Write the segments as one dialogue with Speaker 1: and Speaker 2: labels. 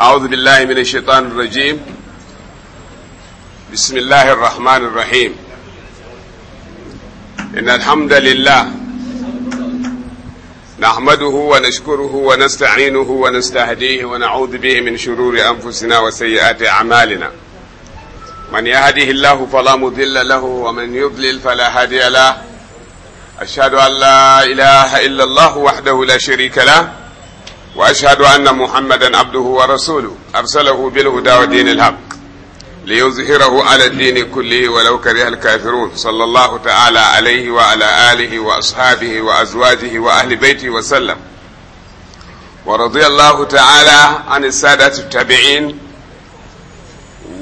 Speaker 1: أعوذ بالله من الشيطان الرجيم بسم الله الرحمن الرحيم إن الحمد لله نحمده ونشكره ونستعينه ونستهديه ونعوذ به من شرور أنفسنا وسيئات أعمالنا من يهده الله فلا مضل له ومن يضلل فلا هادي له أشهد أن لا إله إلا الله وحده لا شريك له وأشهد أن محمدا عبده ورسوله أرسله بالهدى ودين الحق ليظهره على الدين كله ولو كره الكافرون صلى الله تعالى عليه وعلى آله وأصحابه وأزواجه وأهل بيته وسلم ورضي الله تعالى عن السادة التابعين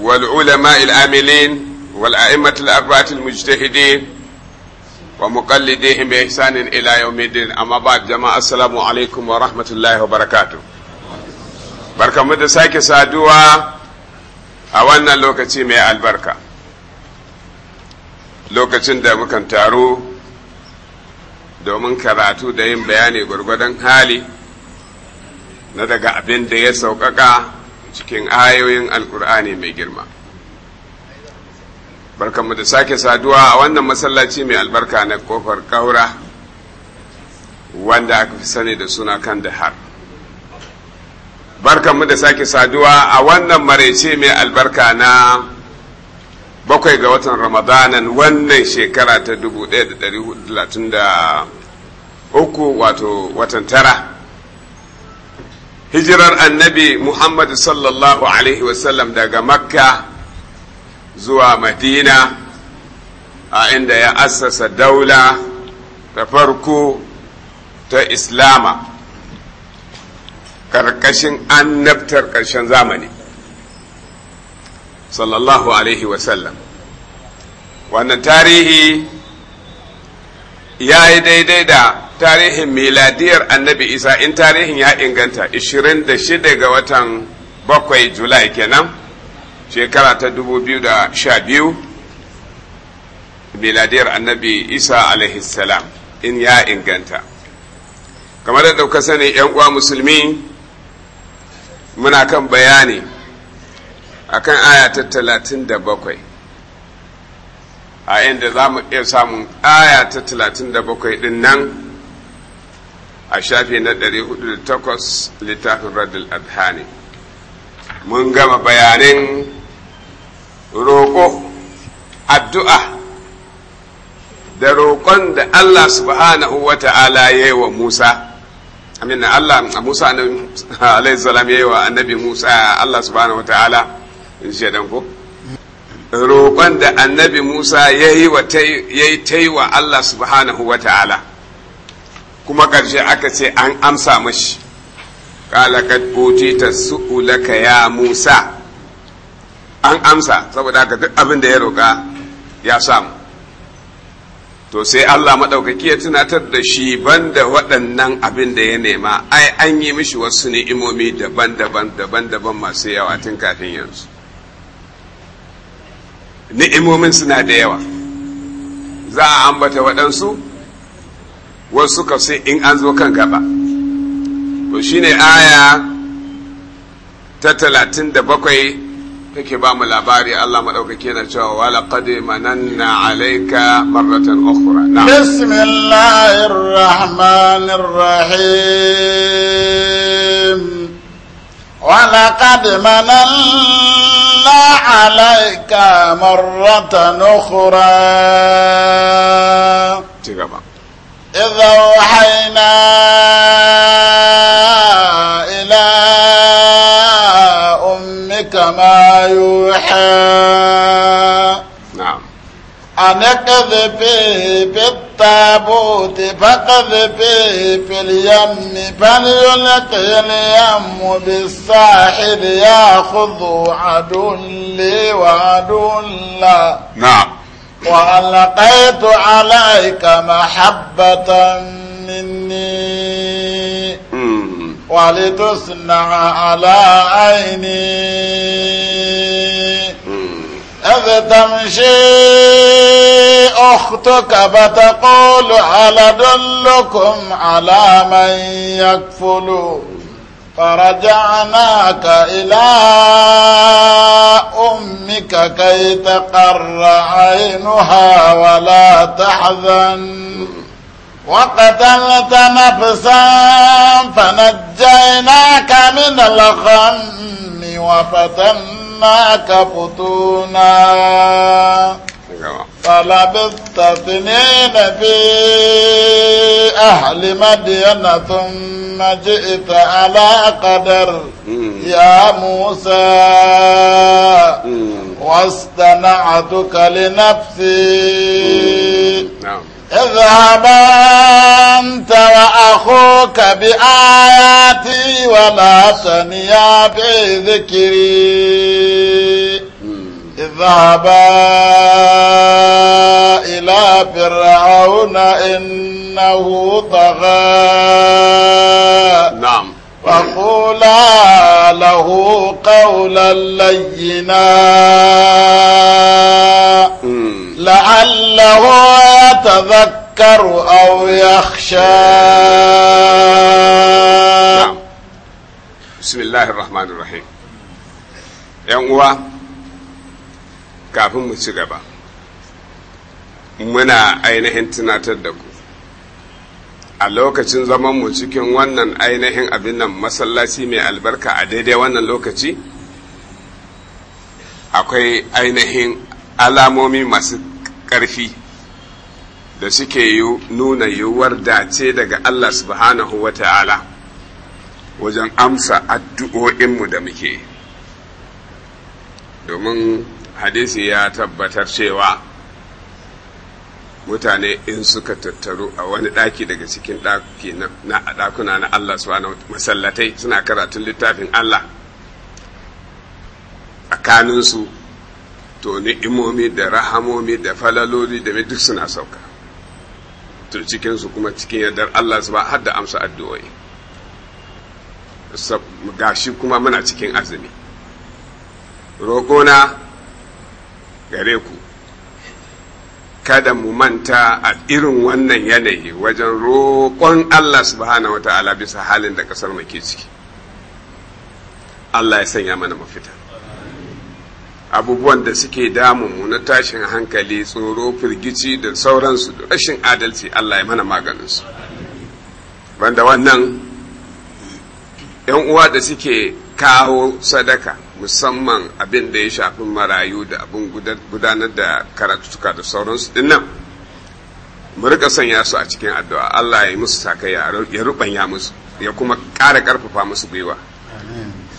Speaker 1: والعلماء العاملين والأئمة الأربعة المجتهدين wa muƙallide in bai sanin ilayen medin amma ba jama'a assalamu alaikum wa rahmatullahi wa barakatu. Barkamu da sake saduwa a wannan lokaci mai albarka, lokacin da muka taru domin karatu da yin bayani gwargwadon hali na daga abin da ya sauƙaƙa cikin ayoyin al mai girma. barkanmu da sake saduwa a wannan masallaci mai albarka na kofar kaura wanda aka fi sani da suna kan dahar barkanmu da sake saduwa a wannan maraice mai albarka na bakwai ga watan ramadanan wannan shekara ta 1433 wato watan tara hijirar annabi muhammadu sallallahu alaihi wasallam daga makka zuwa madina a inda ya assasa daula ta farko ta islama ƙarƙashin annabtar ƙarshen zamani sallallahu alaihi wasallam wannan tarihi ya yi daidai da tarihin miladiyar annabi isa in tarihin ya inganta 26 ga watan 7 julai kenan shekara ta 2012 miladiyar annabi isa alaihissalam in ya inganta kamar da ɗauka sani yan uwa musulmi muna kan bayani akan aya ta 37 a inda za mu iya samun aya ta 37 din nan a shafi na 408 littafin radul adhani mun gama bayanin roƙo addu'a da roƙon da Allah subhanahu wa ta'ala ya yi wa Musa amin Allah Musa alaihi salam ya yi wa annabi Musa Allah subhanahu wa ta'ala in shi ko roƙon da annabi Musa ya yi ta yi wa Allah subhanahu wa ta'ala kuma ƙarshe aka ce an amsa mashi qala kad utita su'ulaka ya Musa an amsa saboda haka duk abin da ya roƙa ya samu to sai Allah maɗaukaki ya tunatar da shi ban da waɗannan abin da ya nema ai an yi mishi wasu ni'imomi daban-daban daban-daban masu yawa tun kafin yanzu ni'imomin suna da yawa za a ambata waɗansu wasu ka sai in an zo kan gaba to shine aya ta talatin da bakwai take ba mu labari Allah maɗaukaki na cewa wala qad mananna alayka marratan ukhra na'am
Speaker 2: bismillahir rahmanir rahim wala qad mananna alayka marratan ukhra cigaba idha wahayna كما يوحى نعم أن اقذفيه بالتابوت التابوت في اليم فليلقي اليم بالساحل ياخذ عدو لي وعدو لا نعم وألقيت عليك محبة مني ولتصنع على عيني إذ تمشي أختك فتقول هل أدلكم على من يكفل فرجعناك إلى أمك كي تقر عينها ولا تحزن وقتلت نفسا فنجيناك من الغم وفتناك فتونا فلبثت سنين في أهل مدين ثم جئت على قدر يا موسى واصطنعتك لنفسي نعم اذهبا أنت وأخوك بآياتي ولا سميا بذكري اذهبا إلى فرعون إنه طغى نعم فقولا له قولا لينا لعله يتذكر أو يخشى
Speaker 1: بسم الله الرحمن الرحيم ‘yan uwa kafin mu ci gaba muna ainihin tunatar da ku a lokacin zamanmu cikin wannan ainihin abin nan masallaci mai albarka a daidai wannan lokaci akwai ainihin alamomi masu ƙarfi da suke nuna yiwuwar dace daga Allah subhanahu wa ta'ala wajen amsa addu'o'inmu da muke domin hadisi ya tabbatar cewa mutane in suka tattaru a wani ɗaki daga cikin ɗakuna na Allah subhanahu masallatai suna karatun littafin Allah a kanunsu to ni'imomi da rahamomi da falaloli da duk suna sauka to cikinsu kuma cikin yardar Allah su ba har da amsa addu'o'i gashi kuma muna cikin azumi roƙona gare ku kada mu manta a irin wannan yanayi wajen roƙon Allah subhanahu wa ta'ala bisa halin da ƙasar mu ke ciki Allah ya sanya mana mafita abubuwan da suke damunmu na tashin hankali tsoro firgici da sauransu da rashin adalci Allah ya mana maganinsu banda wannan yan uwa da suke kawo sadaka musamman abin da ya shafi marayu da abin gudanar da karatuka da sauransu din mu rika sanya su a cikin addu'a Allah ya musu sakaya ya rubanya musu ya kuma ƙara ƙarfafa musu gwiwa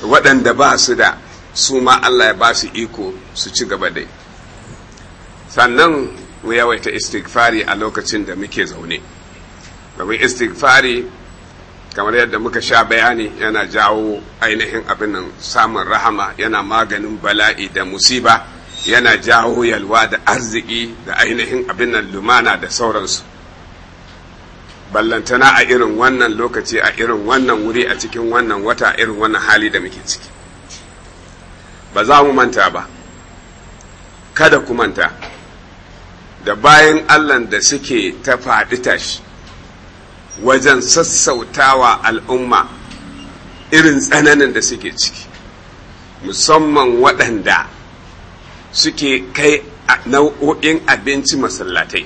Speaker 1: waɗanda ba su da su ma Allah ya ba su iko su ci gaba dai sannan mu yawaita istighfari a lokacin da muke zaune domin istighfari kamar yadda muka sha bayani yana jawo ainihin abin nan samun rahama yana maganin bala'i da musiba yana jawo yalwa da arziki da ainihin abin nan lumana da sauransu ballantana a irin wannan lokaci a irin wannan wuri a cikin wannan wata a irin wannan hali da muke ciki ba za mu manta ba kada ku manta da bayan allan da suke ta faɗi tashi wajen sassautawa al'umma irin tsananin da suke ciki musamman waɗanda suke kai nau'o'in abinci masallatai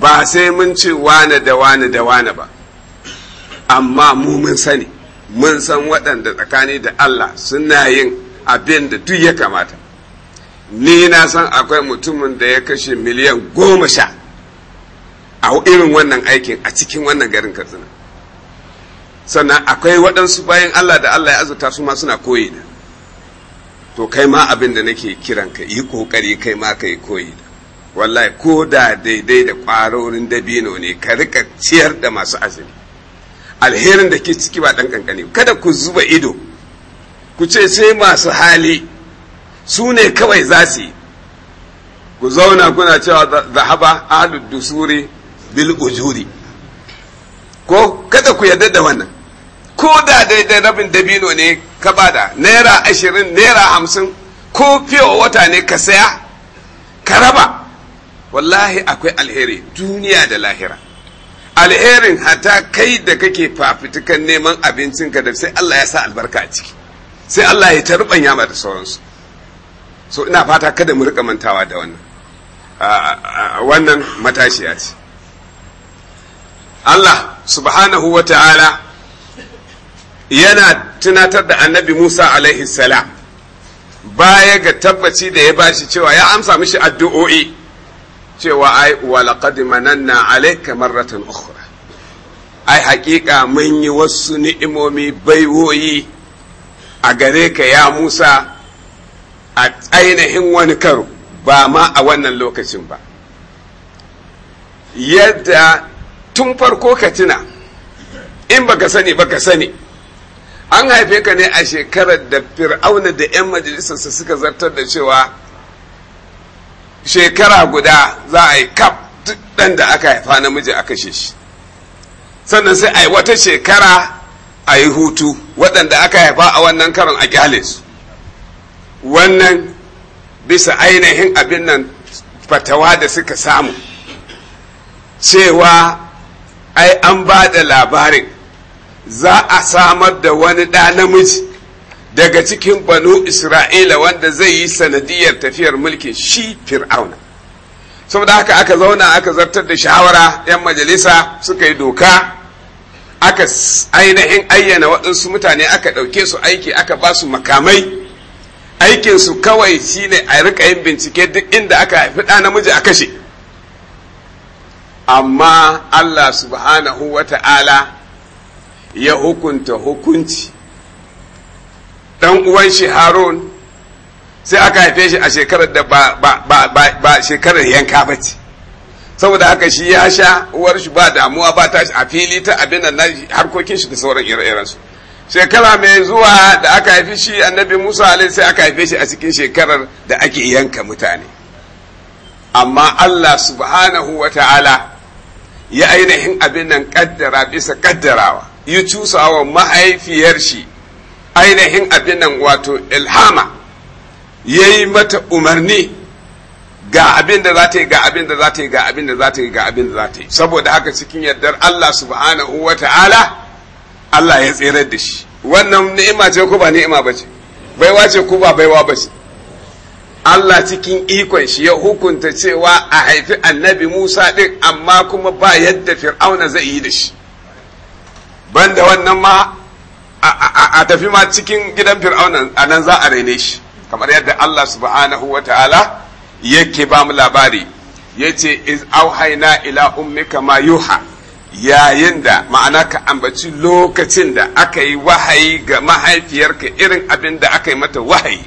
Speaker 1: ba sai mun ce wane da wane da wane ba amma mu mun sani mun san waɗanda tsakani da Allah suna yin abin da duk ya kamata ni na san akwai mutumin da ya kashe miliyan goma sha a irin wannan aikin a cikin wannan garin katsina sannan akwai waɗansu bayan Allah da Allah ya azuta su ma suna koyi da to kai ma abin da nake kiran ka yi kokari kai ma ka yi koyi da wallahi ko da daidai da ƙwarorin dabino ne ka riƙa ciyar da masu azumi alherin da ke ciki ba ɗan ƙanƙani kada ku zuba ido ku ce sai masu hali su ne kawai za su yi ku zauna kuna cewa zahaba ahlud dusuri bil ujuri ko kada ku yarda da wannan ko da daidai rabin dabino ne ka bada naira ashirin naira hamsin ko fiye wata ne ka saya ka raba wallahi akwai alheri duniya da lahira alherin hata kai da kake fafitukan neman abincinka da sai Allah ya sa albarka a ciki sai Allah ya ta rubanya ma da sauransu so ina fata kada mu rika mantawa da wannan wannan matashiya ce Allah subhanahu wa ta'ala yana tunatar da annabi Musa alaihi salam baya ga tabbaci da ya bashi cewa ya amsa mishi addu'o'i cewa ai walaqad mananna alayka maratan ukhra ai haƙiƙa mun yi wasu ni'imomi baiwoyi a gare ka ya Musa a ainihin wani karo ba ma a wannan lokacin ba yadda tun farko ka tuna in baka sani baka sani an haife ka ne a shekarar da fir'auna da 'yan majalisarsa suka zartar da cewa shekara guda za a yi kaf duk ɗan da aka haifa namiji aka kashe shi sannan sai a yi wata shekara a yi hutu waɗanda aka haifa a wannan karon a kyale su wannan bisa ainihin abin nan fatawa da suka samu cewa ai an ba da labarin za a samar da wani ɗa namiji daga cikin banu isra'ila wanda zai yi sanadiyar tafiyar mulkin shi fir'auna saboda haka aka zauna aka zartar da shawara 'yan majalisa suka yi doka aka ainihin ayyana waɗansu mutane aka ɗauke su aiki aka ba su makamai aikinsu kawai shi ne a rika yin bincike duk inda aka haifi ɗa namiji a kashe amma allah subhanahu wa ta'ala ya hukunta hukunci dan uwan shi harun sai aka haife shi a shekarar da ba ba ba ba shekarar yanka ba ce saboda haka shi ya sha uwar shi ba damuwa ba ta a fili ta abin nan harkokin shi da sauran ire-iren su shekara mai zuwa da aka haife shi annabi Musa alaihi sai aka haife shi a cikin shekarar da ake yanka mutane amma Allah subhanahu wa ta'ala ya ainihin abin nan kaddara bisa kaddarawa ya tusawa mahaifiyar shi ainihin abinan wato ilhama ya yi mata umarni ga abin da za ta yi ga abin da za ta yi ga abin da za ta yi ga abin da za ta yi saboda haka cikin yardar Allah subhanahu wa ta'ala Allah ya tsirar da shi wannan ni'ima ce ko ba ni'ima ba ce baiwa ce ko ba baiwa ba ce Allah cikin ikon shi ya hukunta cewa a haifi annabi Musa ɗin amma kuma ba yadda fir'auna zai yi da shi banda wannan ma a tafi ma cikin gidan fir'auna a nan za a raine shi kamar yadda Allah subhanahu wa ta'ala yake ba mu labari yace iz auhaina ila ummika ma yuha yayin da ma'ana ka ambaci lokacin da aka yi wahayi ga mahaifiyarka irin abin da aka yi mata wahayi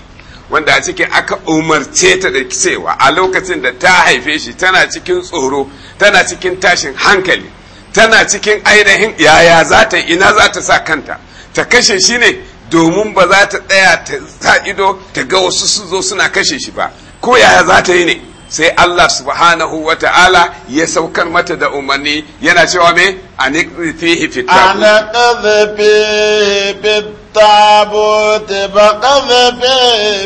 Speaker 1: wanda a cikin aka umarce ta da cewa a lokacin da ta haife shi tana cikin tsoro tana cikin tashin hankali tana cikin ainihin yaya za ta ina za ta sa kanta ta kashe shi ne domin ba za ta tsaya ta sa ido ta ga wasu su zo suna kashe shi ba ko yaya za ta yi ne sai Allah subhanahu wa ta'ala ya saukar mata da umarni yana cewa me a fihi fitta
Speaker 2: التابوت فقذف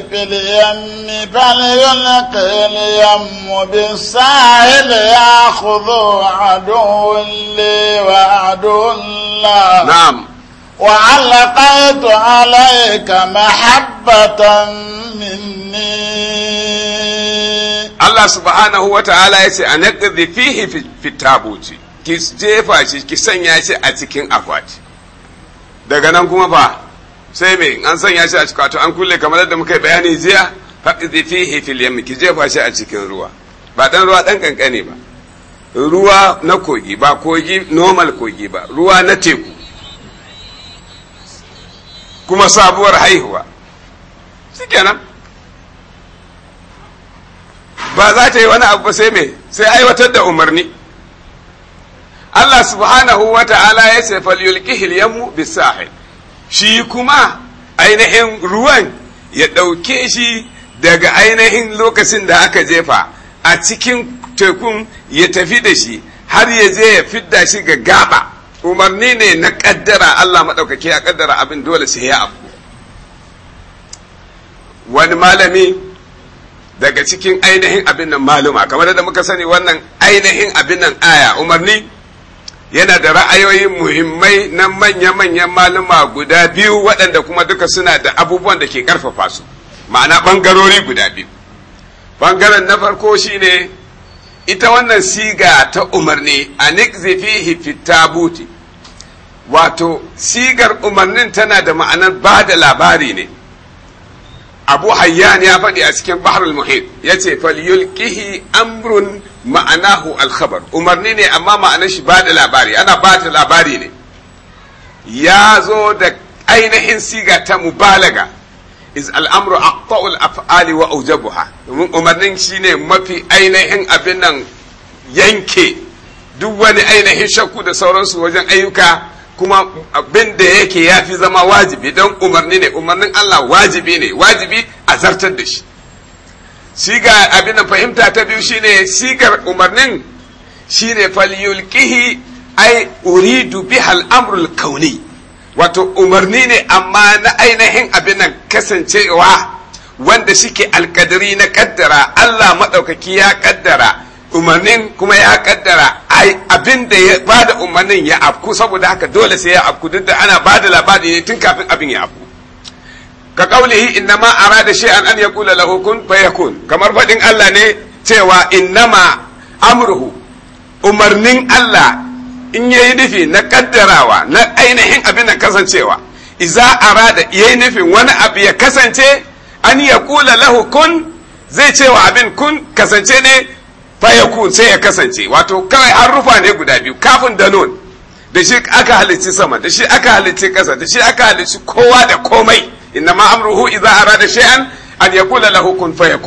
Speaker 2: في اليم فليلقي اليم بالساحل ياخذ عدو لي وعدو الله na'am.
Speaker 1: وعلقيت عليك
Speaker 2: محبة مني
Speaker 1: الله سبحانه وتعالى يسي أنقذ فيه في التابوت ki jefa shi ki sanya shi a cikin akwati daga nan kuma ba sai me an sanya shi a cikin akwati an kulle kamar yadda muka yi bayani jiya faqizi fihi fil yam ki jefa shi a cikin ruwa ba dan ruwa dan kankane ba ruwa na kogi ba kogi normal kogi ba ruwa na teku kuma sabuwar haihuwa kenan ba za ta yi wani abu ba sai mai sai aiwatar da umarni Allah subhanahu wa ta'ala ya ce falyulkihil yamu bisahil shi kuma ainihin ruwan ya ɗauke shi daga ainihin lokacin da aka jefa a cikin tekun ya tafi da shi har ya je ya fidda shi ga gaba umarni ne na kaddara Allah maɗaukaki a kaddara abin dole sai ya abu wani malami daga cikin ainihin abin nan maluma kamar da muka sani wannan ainihin abin nan aya umarni yana da ra'ayoyi muhimmai na manya-manyan maluma guda biyu waɗanda kuma duka suna da abubuwan da ke ƙarfafa su ma'ana ɓangarori guda biyu ɓangaren na farko shine ita wannan siga ta umarni a fihi fitabuti wato sigar umarnin tana da ma'anar ba da labari ne abu hayyan ya faɗi a cikin baharul muhit ya ce falyulkihi amrun ma'anahu alkhabar umarni ne amma ma'anar shi ba da labari ana ba da labari ne ya zo da ainihin siga ta mubalaga is al'amru aqta'ul af'ali wa aujabuha domin umarnin shine mafi ainihin abin nan yanke duk wani ainihin shakku da sauransu wajen ayyuka kuma abin da yake ya fi zama wajibi don umarni ne umarnin Allah wajibi ne wajibi a zartar da shi siga abin da fahimta ta biyu shine sigar umarnin shine falyulqihi ai uridu bihal amrul kauni wato umarni ne amma na ainihin abin nan kasancewa wanda shike alkadari na kaddara Allah maɗaukaki ya kaddara umarnin kuma ya kaddara abin da ya bada umarnin ya afku saboda haka dole sai ya afku duk da ana bada labari ne tun kafin abin ya afku ka kaulihi innama arada shay'an an yaqula lahu kun fayakun kamar faɗin Allah ne cewa innama amruhu umarnin Allah in yi nufi na kaddarawa na ainihin abin da kasancewa iza arada yayi nufin wani abu ya kasance an ya kula lahu kun zai cewa abin kun kasance ne fa ya kun sai ya kasance wato kawai an rufa ne guda biyu kafin da nun da shi aka halicci sama da shi aka halicci kasa da shi aka halicci kowa da komai inna ma amruhu a arada shay'an an ya kula lahu kun fa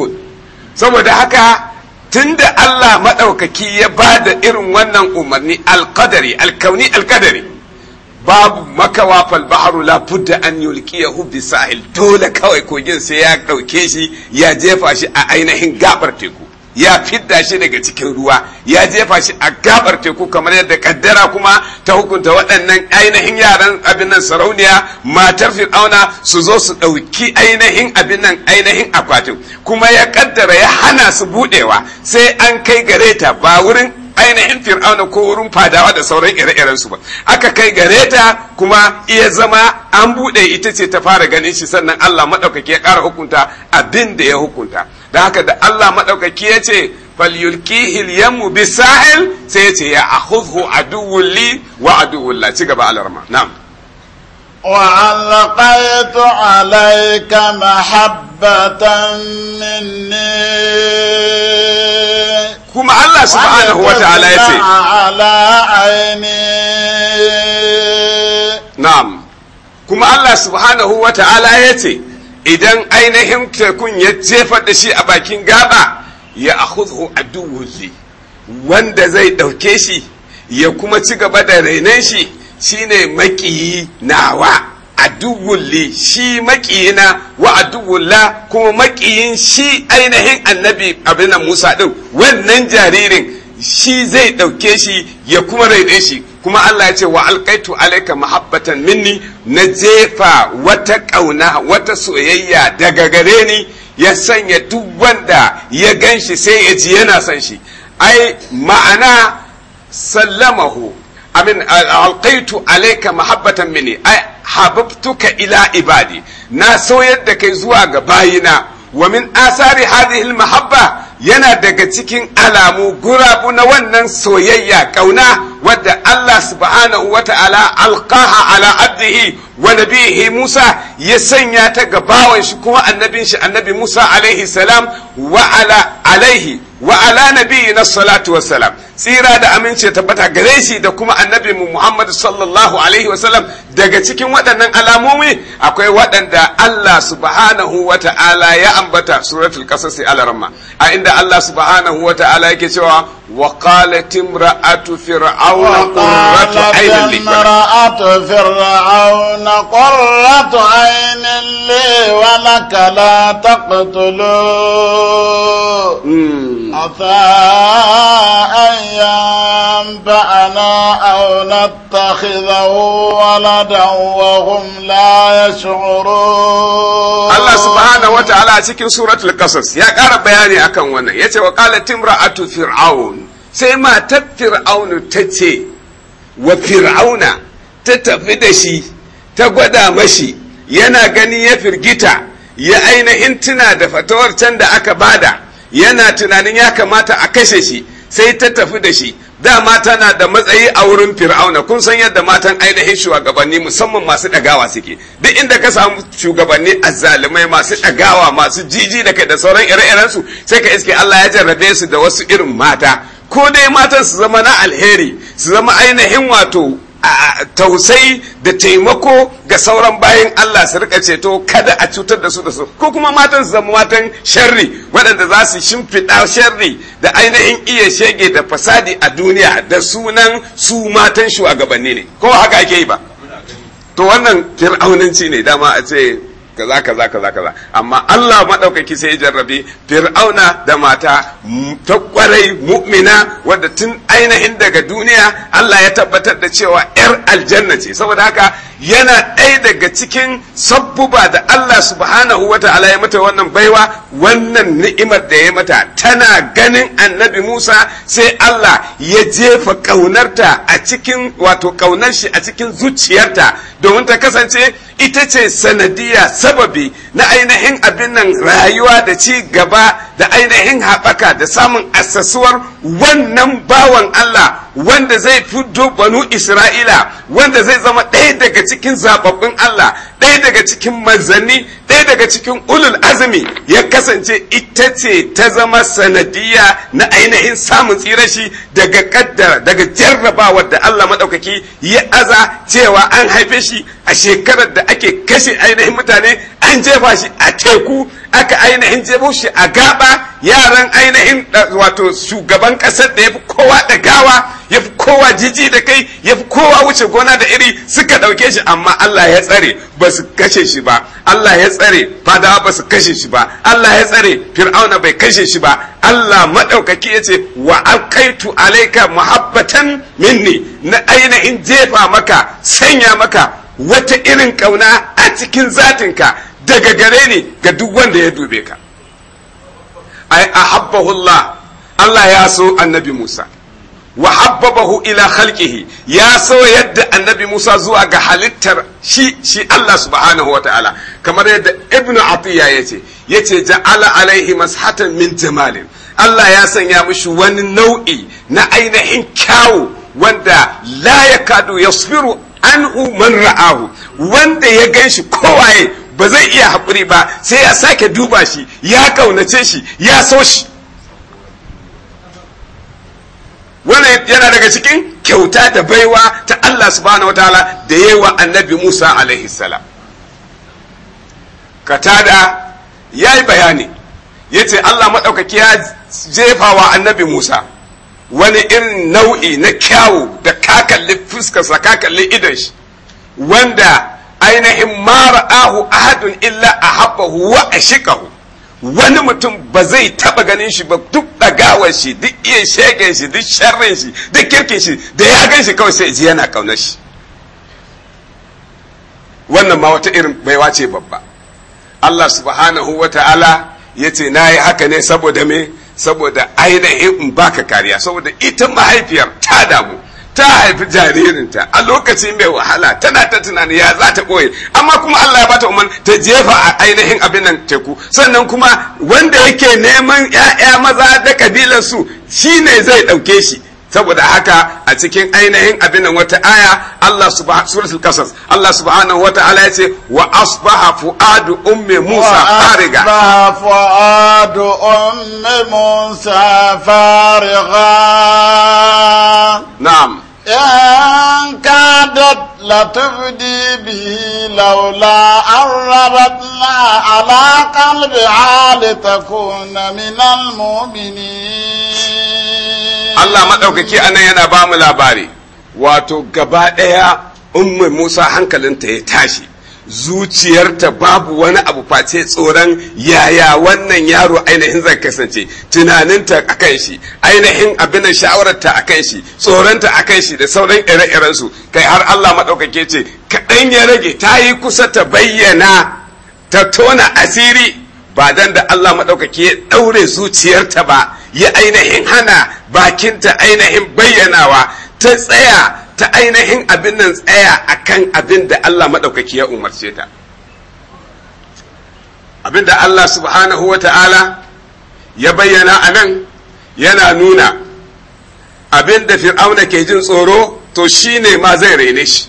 Speaker 1: saboda haka tunda Allah maɗaukaki ya ba da irin wannan umarni alƙadari alkauni alƙadari babu makawa baharu la budda an yulqiyahu bi sahil dole kawai kogin sai ya ɗauke shi ya jefa shi a ainihin gaɓar teku ya fidda shi daga cikin ruwa ya jefa shi a gabar teku kamar yadda kaddara kuma ta hukunta waɗannan ainihin yaran abin nan sarauniya matar fir'auna su zo su ɗauki ainihin abin nan ainihin akwatin kuma ya kaddara ya hana su buɗewa sai an kai gareta ba wurin ainihin fir'auna ko wurin fadawa da sauran ire-iren su ba aka kai gare ta kuma iya zama an buɗe ita ce ta fara ganin shi sannan Allah maɗaukaki ya ƙara hukunta abin da ya hukunta da haka da Allah maɗaukaki ya ce falyulkihi al-yamu bisahil sai ya ce ya akhudhu aduwwun li wa aduwwun la ci gaba alarma na'am
Speaker 2: وألقيت عليك محبة مني كما الله سبحانه وتعالى على عيني
Speaker 1: نعم كما الله idan ainihin tekun ya jefa da shi a bakin gaba ya a a aduwwuzi wanda zai ɗauke shi ya kuma ci gaba da rainon shi shine makiyi nawa duwuli shi na wa a duwula kuma makiyin shi ainihin annabi abinan Musa ɗin wannan jaririn shi zai ɗauke shi ya kuma raine shi kuma Allah ya ce wa alkaitu alaika mahabbatan minni na jefa wata ƙauna wata soyayya daga gare ni ya sanya duk wanda ya gan shi sai ya ji yana son shi ai ma'ana sallamahu amin alkaitu alaika mahabbatan minni ai hababtuka ila ibadi na soyar da kai zuwa ga bayina wa min asari hadhihi almahabba yana daga cikin alamu gurabu na wannan soyayya kauna wadda Allah subhanahu wata'ala alqaha ala abdihi wa nabihi Musa ya sanya ta ga bawan shi kuma annabin shi annabi Musa alaihi salam wa ala alaihi wa ala na salatu wa salam tsira da amince tabbata gare shi da kuma annabi mu Muhammad sallallahu alaihi salam daga cikin waɗannan alamomi akwai waɗanda Allah subhanahu wa ta'ala ya ambata suratul qasas al-ramma a inda Allah subhanahu wa ta'ala yake cewa وقالت امرأة
Speaker 2: فرعون قرة عين لي امرأة فرعون قرة عين لي ولك لا تقتلوا عسى أن ينفعنا أو نتخذه ولدا وهم لا يشعرون الله
Speaker 1: سبحانه وتعالى cikin suratul qasas ya ƙara bayani akan wannan yace wa qalat imra'atu fir'aun sai matar fir'aunu tace wa fir'auna ta tafi da shi ta gwada mashi yana gani ya firgita ya aina tuna da fatawar can da aka bada yana tunanin ya kamata a kashe shi sai ta tafi da shi da mata na da matsayi a wurin fir'auna kun san yadda matan ainihin shugabanni musamman masu dagawa suke duk inda ka samu shugabanni azzalumai masu dagawa masu jiji da kai da sauran ire-iren su sai ka iske Allah ya jarrabe su da wasu irin mata ko dai matan su zama na alheri su zama ainihin wato tausai da taimako ga sauran bayan Allah su rika ceto kada a cutar da su da su ko kuma matan zama matan sharri waɗanda za su shimfiɗa sharri da ainihin iya shege da fasadi a duniya da sunan su matan shugabanni ne ko haka ake yi ba to wannan fir'aunanci ne dama a ce kaza kaza kaza kaza amma Allah madaukaki sai jarrabe fir'auna da mata ta kwarai mu'mina wadda tun ainihin daga duniya Allah ya tabbatar da cewa yar aljanna ce saboda haka yana ɗaya daga cikin sabbuba da Allah subhanahu wa ta'ala ya mata wannan baiwa wannan ni'imar da ya mata tana ganin annabi Musa sai Allah ya jefa kaunarta a cikin wato kaunar shi a cikin zuciyarta domin ta kasance ita ce sanadiyya sababi na ainihin abin nan rayuwa da ci gaba da ainihin haɓaka da samun asasuwar wannan bawan Allah wanda zai fito banu isra'ila wanda zai zama ɗaya daga cikin zababbin Allah ɗaya daga cikin manzanni ɗaya daga cikin ulul azumi ya kasance ita ce ta zama sanadiyya na ainihin samun tsirashi shi daga kaddara daga jarrabawar da Allah maɗaukaki ya aza cewa an haife shi a shekarar da ake kashe ainihin mutane an jefa shi a teku aka ainihin jebo shi a gaba yaran ainihin wato shugaban kasar da ya fi kowa ɗagawa ya fi kowa jiji da kai ya fi kowa wuce gona da iri suka ɗauke shi amma Allah ya tsare ba su kashe shi ba Allah ya tsare fadawa ba su kashe shi ba Allah ya tsare fir'auna bai kashe shi ba Allah maɗaukaki ya ce wa alkaitu alaika muhabbatan minni na ainihin jefa maka sanya maka wata irin ƙauna a cikin zatinka daga gare ne ga duk wanda ya dube ka ai ahabbahullah Allah ya so annabi Musa wa habbabahu ila khalqihi ya so yadda annabi Musa zuwa ga halittar shi shi Allah subhanahu wataala kamar yadda Ibn Atiya yace yace ja'ala alaihi mashatan min jamalin Allah ya sanya mishi wani nau'i na ainihin kyawu wanda la yakadu yasbiru anhu man ra'ahu wanda ya ganshi kowaye ba zai iya haƙuri ba sai ya sake duba shi ya kaunace shi ya so shi wannan yana daga cikin kyauta da baiwa ta Allah subhanahu ta'ala da yi wa annabi Musa alaihi salam katada ya yi bayani ya ce Allah maɗaukaki ya jefa wa annabi Musa wani irin nau'i na kyawu da kakalli fuskarsa kakalli idon shi wanda ainihin ahu ahadun illa a ahabbahu wa ashikahu wani mutum ba zai taba ganin shi ba duk dagawar shi duk iya shege shi duk sharrin shi duk kirkin shi da ya gan shi kawai sai ji yana kaunar shi wannan ma wata irin baiwa ce babba Allah subhanahu wa ta'ala ya ce na yi haka ne saboda me saboda ainihin in baka kariya saboda ita mahaifiyar ta damu ta haifi jaririnta a lokaci mai wahala tana ta tunani ya za ta ɓoye amma kuma Allah ya bata umar ta jefa a ainihin abin nan teku sannan kuma wanda yake neman 'ya'ya maza da kabilarsu ne zai ɗauke shi saboda haka a cikin ainihin abin nan wata aya Allah subhanahu suratul qasas Allah subhanahu wata'ala yace wa asbaha fuadu ummi Musa fariga wa
Speaker 2: asbaha fuadu ummi Musa fariga na'am إن كادت لتبدي به لولا أن ربطنا على قلبها لتكون من المؤمنين
Speaker 1: Allah maɗaukaki a nan yana ba mu labari wato gaba ɗaya umma Musa hankalinta ya tashi zuciyarta babu wani abu face tsoron yaya wannan yaro ainihin zai kasance tunaninta a kan shi ainihin abin sha'awarta a kan shi tsoronta a kan shi da sauran ire-irensu kai har Allah maɗaukake ce kaɗan ya rage ta yi kusa ta bayyana ta tona asiri ba dan da Allah maɗaukake ya ɗaure zuciyarta ba ya ainihin hana bakinta ainihin bayyanawa ta tsaya ta ainihin abin nan tsaya kan abin da Allah maɗaukaki ya umarce ta abin da Allah subhanahu wa ta'ala ya bayyana a nan yana nuna abin da fir'auna ke jin tsoro to shi ne ma zai raine shi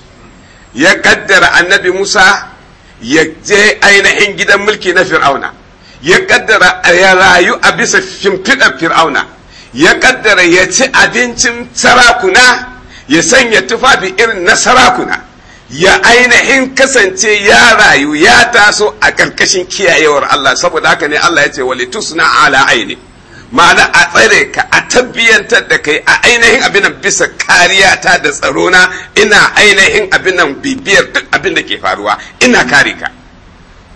Speaker 1: ya kaddara annabi musa ya je ainihin gidan mulki na fir'auna ya kaddara ya rayu a bisa shimfiɗar fir'auna ya kaddara ya ci abincin sarakuna ya sanya tufafi irin na sarakuna ya ainihin kasance ya rayu ya taso a ƙarƙashin kiyayewar Allah saboda haka ne Allah ya ce wali tusna ala aini ma'ana a tsare ka a tabbiyantar da kai a ainihin abin bisa kariya ta da tsaro ina ainihin abin bibiyar duk abin da ke faruwa ina kare ka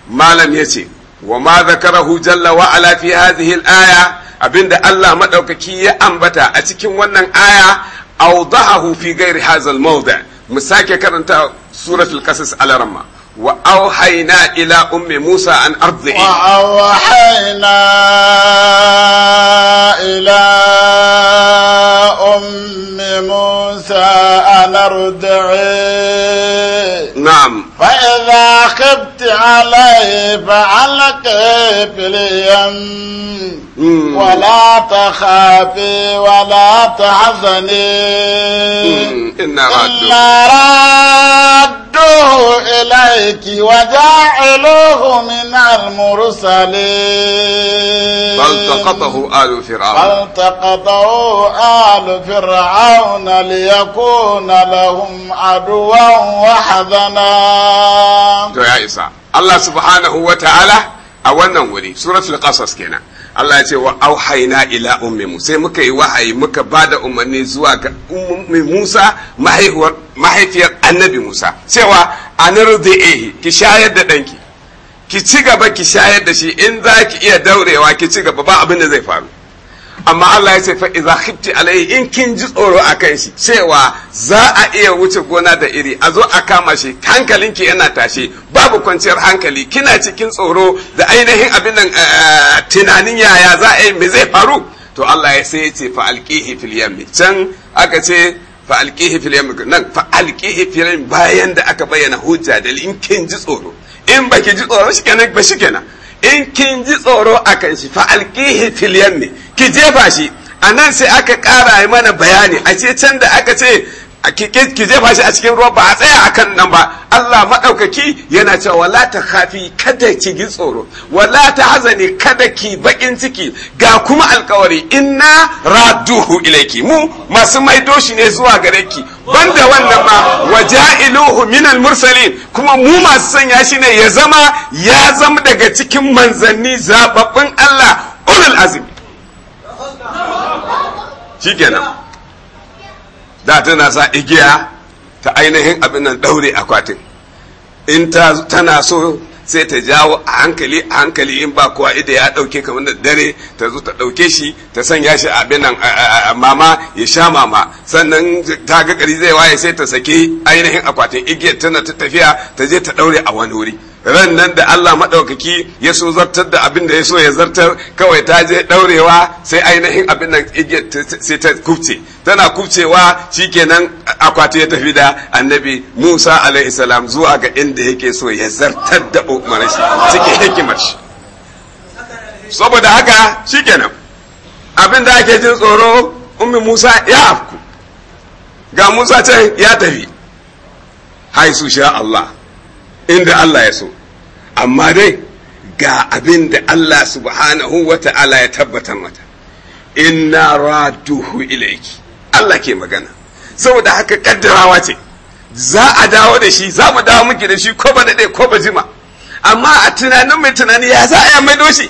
Speaker 1: malam ya ce wa ma zakarahu jalla wa ala fi hadhihi al-aya abinda Allah madaukaki ya ambata a cikin wannan aya awdahu fi ghairi hadha al-mawdi' mu sake karanta suratul qasas alarma ramma wa awhayna ila ummi musa an ardi wa
Speaker 2: awhayna ila يا أم موسى أن ارضعي نعم فإذا خبت عليه فعلك في ولا تخافي ولا تحزني إنا راد ردوه إليك وجعلوه من المرسلين
Speaker 1: فالتقطه آل فرعون
Speaker 2: فالتقطه آل فرعون ليكون لهم عدوا وحزنا
Speaker 1: يا عيسى الله سبحانه وتعالى a wannan wuri suratul qasas kenan Allah ya ce wa auhayna ila ummi sai muka yi wahayi muka bada umarni zuwa ga ummi Musa mahaifiyar annabi Musa cewa anirdihi ki shayar da danki ki ci gaba ki shayar da shi in za ki iya daurewa ki ci gaba ba abin da zai faru amma Allah ya ce fa idza khifti in kin ji tsoro akan shi cewa za a iya wuce gona da iri a zo a kama shi hankalinki yana tashe babu kwanciyar hankali kina cikin tsoro da ainihin abin nan eh, eh, tunanin yaya za a yi me zai faru to Allah ya sai ya ce fa alqihi fil yammi can aka ce fa alqihi fil yammi nan fa alqihi fil bayan da aka bayyana hujja da in kin ji tsoro in baki ji tsoro shikenan ba shikenan in kin ji tsoro a kan shi fa alqihi fil yammi ki jefa shi anan sai aka ƙara mana bayani a ce can da aka ce ki jefa shi a cikin ruwa ba a tsaya akan nan ba Allah maɗaukaki yana cewa wala ta kafi kada ki ji tsoro wala ta hazani kada ki bakin ciki ga kuma alkawari inna raduhu ilaiki mu masu maido shi ne zuwa gare ki banda wannan ma waja'iluhu minal mursalin kuma mu masu sanya shi ne ya zama ya zama daga cikin manzanni zababbin Allah ulul azim. shikenan da tana sa igiya ta ainihin abin nan daure akwatin in tana so sai ta jawo a hankali a hankali in ba kowa ida ya dauke kamar da dare ta zo ta dauke shi ta sanya shi a binan mama ya sha mama sannan ta ga kari zai waye sai ta sake ainihin akwatin igiyar tana ta tafiya ta je ta daure a wani wuri ran nan da Allah maɗaukaki ya so zartar da abin da ya so ya zartar kawai ta je ɗaurewa sai ainihin abin nan sai ta kubce tana kubcewa shikenan akwati ya tafi da annabi Musa alaihi salam zuwa ga inda yake so ya zartar da umarin shi cikin hikimar shi saboda haka shikenan abin da ake jin tsoro ummi Musa ya afku ga Musa ce ya tafi su sha Allah inda Allah ya so amma dai ga abin da Allah subhanahu wa ta'ala ya tabbatar mata inna raduhu ilayki Allah ke magana saboda haka kaddarawa ce za a dawo da shi za mu dawo miki da shi ko ba daɗe ko ba jima amma a tunanin mai tunani ya za a yi maido shi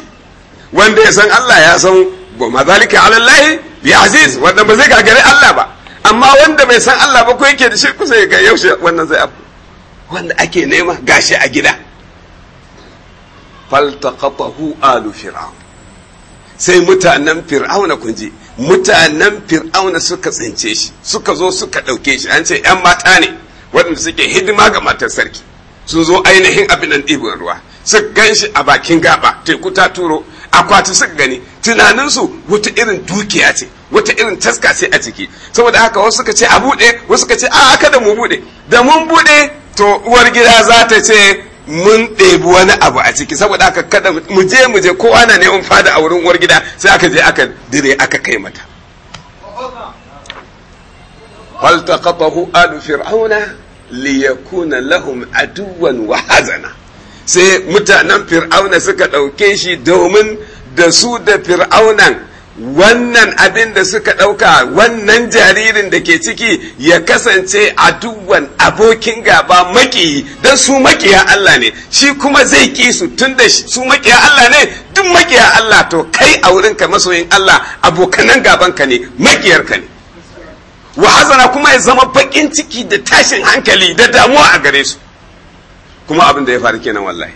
Speaker 1: wanda ya san Allah ya san ba zalika alallahi bi aziz wanda ba zai gagare Allah ba amma wanda bai san Allah ba ko yake da shi kusa ga yaushe wannan zai abu wanda ake nema gashi a gida faltaqatahu alu fir'aun sai mutanen fir'auna kun ji mutanen fir'auna suka tsince shi suka zo suka ɗauke shi an ce 'yan mata ne waɗanda suke hidima ga matar sarki sun zo ainihin abin nan ɗibin ruwa su gan shi a bakin gaba teku ta turo akwati suka gani tunaninsu wuta irin dukiya ce wata irin taska ce a ciki saboda haka wasu suka ce a buɗe wasu suka ce a haka da mu buɗe da mun buɗe to uwar gida za ta ce mun ɗebi wani abu a ciki saboda haka kada mu je mu je kowa na neman fada a wurin uwar gida sai aka je aka dire aka kai mata fir'auna li yakuna lahum aduwan wa hazana sai mutanen fir'auna suka ɗauke shi domin da su da fir'aunan wannan abin da suka ɗauka wannan jaririn da ke ciki ya kasance a duwan abokin gaba makiyi don su makiya Allah ne shi kuma zai ƙi su tun da su makiya Allah ne duk makiya Allah to kai a wurinka masoyin Allah abokanan gabanka ne makiyarka ne wa hazana kuma ya zama baƙin ciki da tashin hankali da damuwa a gare su kuma abin da ya faru kenan wallahi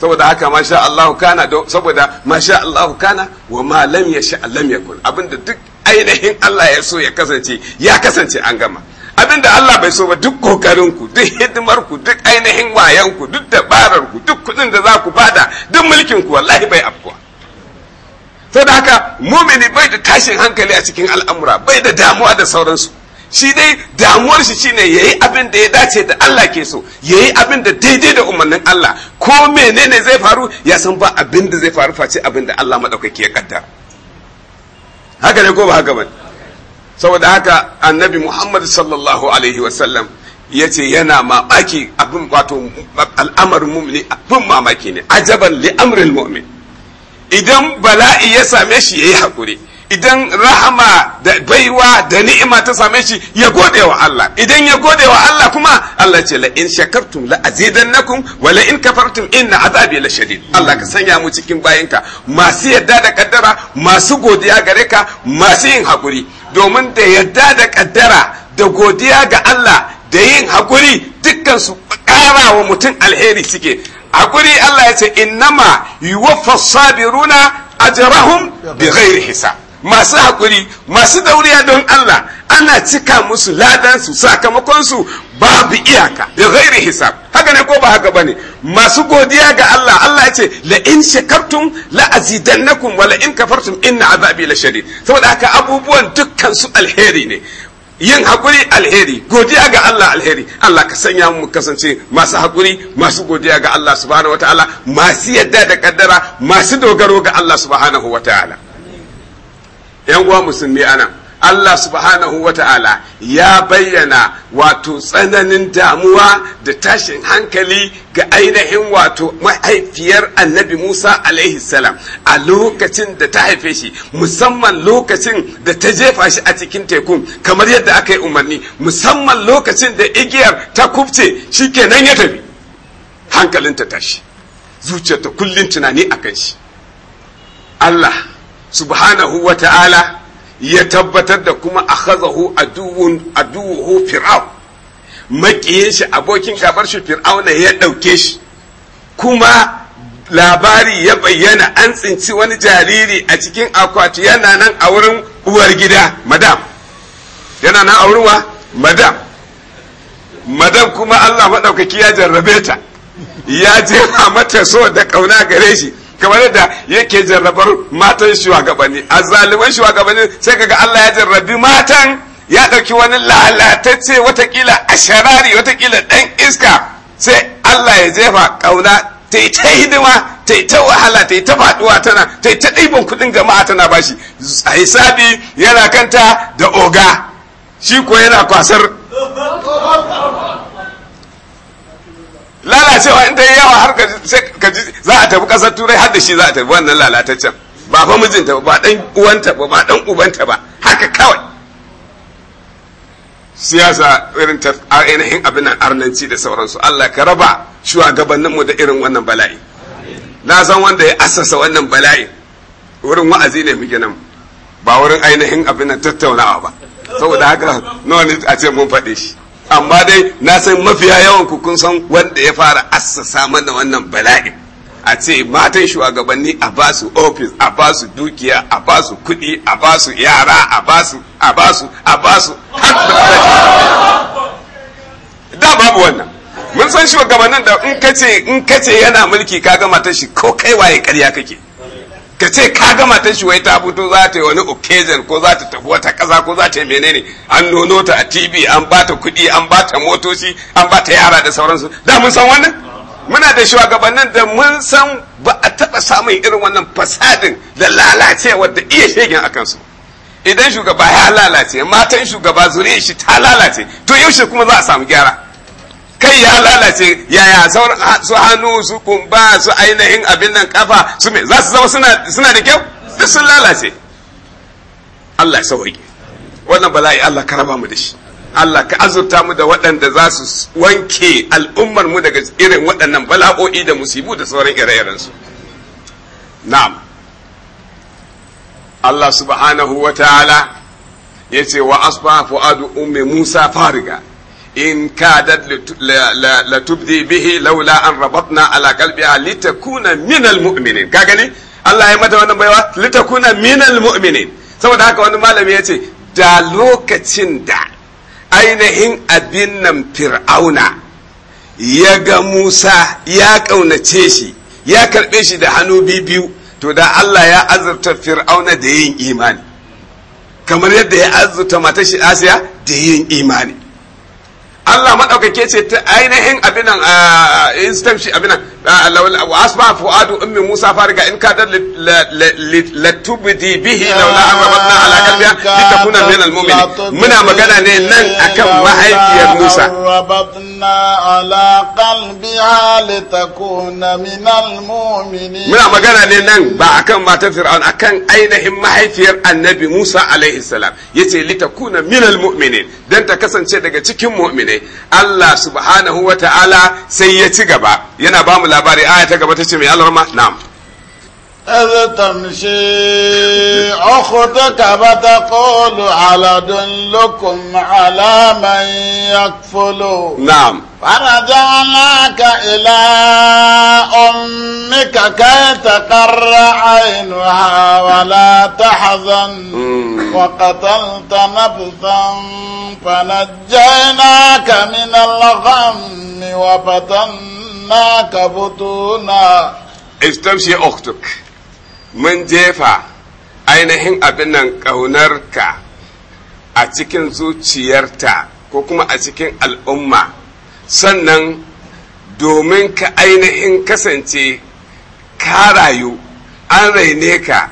Speaker 1: saboda haka masha Allah kana saboda masha Allah kana wa ma lam yasha lam yakun abinda duk ainihin Allah ya so ya kasance ya kasance an gama abinda Allah bai so ba duk ku duk hidimarku duk ainihin ku duk dabararku duk kudin da za ku bada duk mulkin ku wallahi bai afkuwa saboda haka mumini bai da tashin hankali a cikin al'amura bai da damuwa da sauransu shi dai damuwar shi shine yayi abin da ya dace da Allah ke so yayi abin da daidai da umarnin Allah ko menene zai faru ya san ba abin da zai faru face abin da Allah madaukaki ya kaddar haka ne ko ba haka ba saboda haka annabi Muhammad sallallahu alaihi wasallam ya ce yana mamaki abin wato al'amarin mumini abin mamaki ne ajaban li amril mu'min idan bala'i ya same shi yayi hakuri idan rahama da baiwa da ni'ima ta same shi ya gode wa Allah idan ya gode wa Allah kuma Allah ce la in shakartum la azidannakum wa la in kafartum inna azabi la shadid Allah ka sanya mu cikin bayinka masu yadda da kaddara masu godiya gare ka masu yin hakuri domin da yadda da kaddara da godiya ga Allah da yin hakuri dukkan su ƙara wa mutum alheri suke hakuri Allah ya ce innama yuwaffa sabiruna ajrahum bighairi hisab masu haƙuri masu dauriya don Allah ana cika musu ladansu sakamakonsu babu iyaka da gairi hisab haka ne ko ba haka bane masu godiya ga Allah Allah ya ce la in shakartum la azidannakum wa la in kafartum inna azabi la shadid saboda haka abubuwan dukkan su alheri ne yin haƙuri alheri godiya ga Allah alheri Allah ka sanya mu kasance masu haƙuri masu godiya ga Allah subhanahu wataala masu yadda da kaddara masu dogaro ga Allah subhanahu wataala yan uwa musulmi anan Allah subhanahu wa ta'ala ya bayyana wato tsananin damuwa da tashin hankali ga ainihin wato mahaifiyar annabi Musa alaihi salam a lokacin da ta haife shi musamman lokacin da ta jefa shi a cikin tekun kamar yadda aka yi umarni musamman lokacin da igiyar ta kubce shi kenan ya tafi hankalinta tashi zuciyarta kullum tunani a kan shi Allah subhanahu wa ta'ala ya tabbatar da kuma a hazahu aduwuhu fir'au maƙiyin shi abokin gabar shi fir'auna ya ɗauke shi kuma labari ya bayyana an tsinci wani jariri a cikin akwati yana nan a wurin uwar gida madam yana nan a wurin wa madam madam kuma allah maɗaukaki ya jarrabe ta ya jefa mata so da ƙauna gare shi kamar da yake jarrabar matan shugabanni a zaliman shugabanni sai kaga Allah ya jarrabi matan ya ɗauki wani lalatacce watakila a sharari watakila ɗan iska sai Allah ya jefa kauna ta yi hidima ta wahala ta yi tana ta yi ta ɗiban kuɗin jama'a tana bashi a hisabi yana kanta da oga shi ko yana kwasar
Speaker 2: lalacewa in ta yi yawa har
Speaker 1: ka ji za a tafi kasar turai har da shi za a tafi wannan lalataccen ba fa mijinta ba dan uwanta ba ba dan ubanta ba haka kawai siyasa irin ta ainihin abin arnanci da sauransu Allah ka raba mu da irin wannan bala'i na san wanda ya assasa wannan bala'i wurin wa'azi ne muke nan ba wurin ainihin abin tattaunawa ba saboda haka nawa ne a ce mun faɗe shi amma dai na san mafiya yawan ku kun san wanda ya fara assasa mana wannan bala'i a ce matan shugabanni a ba su ofis a ba su dukiya a ba su kuɗi a ba su yara a ba su a ba su a ba su da babu wannan mun san shugabannin da in kace yana mulki kaga matan shi ko kai waye karya kake ka ce ka gama ta shi ta fito za ta yi wani occasion ko za ta tafi wata kasa ko za ta yi menene an nono ta a tv an ba ta kuɗi an ba ta motoci an ba ta yara da sauransu da mun san wannan muna da shugabannin da mun san ba a taɓa samun irin wannan fasadin da lalacewar da iya shegen a kansu idan shugaba ya lalace matan shugaba zuriyar shi ta lalace to yaushe kuma za a samu gyara kai ya lalace yaya su hannu su kumba su ainihin abin nan kafa su me za su zama suna da kyau duk sun lalace Allah ya sauke wannan bala'i Allah ka raba mu da shi Allah ka azurta mu da waɗanda za su wanke al'ummar mu daga irin waɗannan bala'o'i da musibu da sauran ire-iren su na'am Allah subhanahu wa ta'ala ce wa asfafu fu'adu ummi Musa fariga in kadat latubdi bihi laula an rabatna ala qalbiha litakuna minal mu'minin ka gani Allah ya mata wannan baiwa litakuna minal mu'minin saboda haka wani malami ya ce da lokacin da ainihin abin nan fir'auna ya ga Musa ya kaunace shi ya karbe shi da hannu biyu to da Allah ya azurta fir'auna da yin imani kamar yadda ya azurta matashi Asiya da yin imani Allah madaukake ce ta ainihin abin nan ah, istamshi abin nan ah, wa asba fuadu ummi Musa fariga in ka dal latubdi bihi la azabatna ala qalbiha litakuna min almu'minin muna magana ne nan akan mahaifiyar Musa
Speaker 2: rabatna ala qalbiha litakuna min almu'minin muna magana ne nan
Speaker 1: ba akan matar Fir'aun akan ainihin mahaifiyar Annabi Musa alaihi salam yace litakuna min almu'minin dan ta kasance daga cikin mu'minai Allah subhanahu wa ta'ala sai ya ci gaba yana ba mu labari aya ta gaba ta ce mai alarma na'am
Speaker 2: إذ تمشي أختك فتقول على دلكم على من يكفل نعم فرجعناك إلى أمك كي تقر عينها ولا تحزن وقتلت نفسا فنجيناك من الغم وفتناك فتونا
Speaker 1: استمشي أختك mun jefa ainihin abin nan ka a cikin zuciyarta ko kuma a cikin al'umma sannan domin ka ainihin kasance ka rayu an raine ka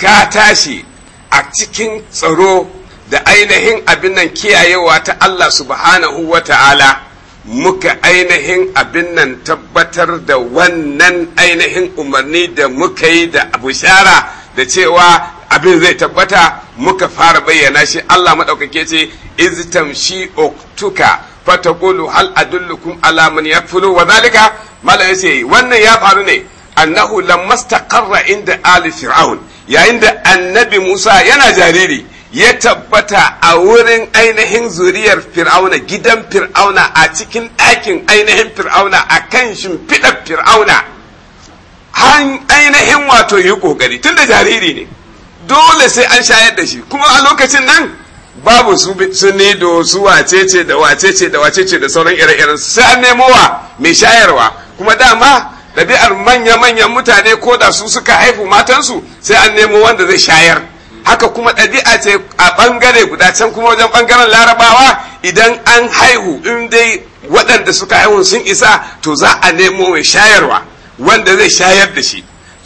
Speaker 1: ka tashi a cikin tsaro da ainihin abin nan kiyayewa ta Allah subhanahu wa ta'ala muka ainihin abin nan tabbatar da wannan ainihin umarni da muka yi da shara da cewa abin zai tabbata muka fara bayyana shi Allah maɗaukake ce iz tamshi oktuka fatakulu hal adullukum ala man yakfulu wa zalika malai yace wannan ya faru ne annahu lamma staqarra inda ali fir'aun yayin da annabi Musa yana jariri ya tabbata a wurin ainihin zuriyar fir'auna gidan fir'auna a cikin ɗakin ainihin fir'auna a kan shimfiɗar fir'auna an ainihin wato yi ƙoƙari tun da jariri ne dole sai an shayar da shi kuma a lokacin nan babu su nido su wacece da wacece da ce da sauran ire-iren sai an nemo wa mai shayarwa kuma dama ɗabi'ar manya-manyan mutane ko da su suka haifu matansu sai an nemo wanda zai shayar haka kuma ɗabi'a ce a ɓangare guda can kuma wajen ɓangaren larabawa idan an haihu in dai waɗanda suka haihu sun isa to za a nemo mai shayarwa wanda zai shayar da shi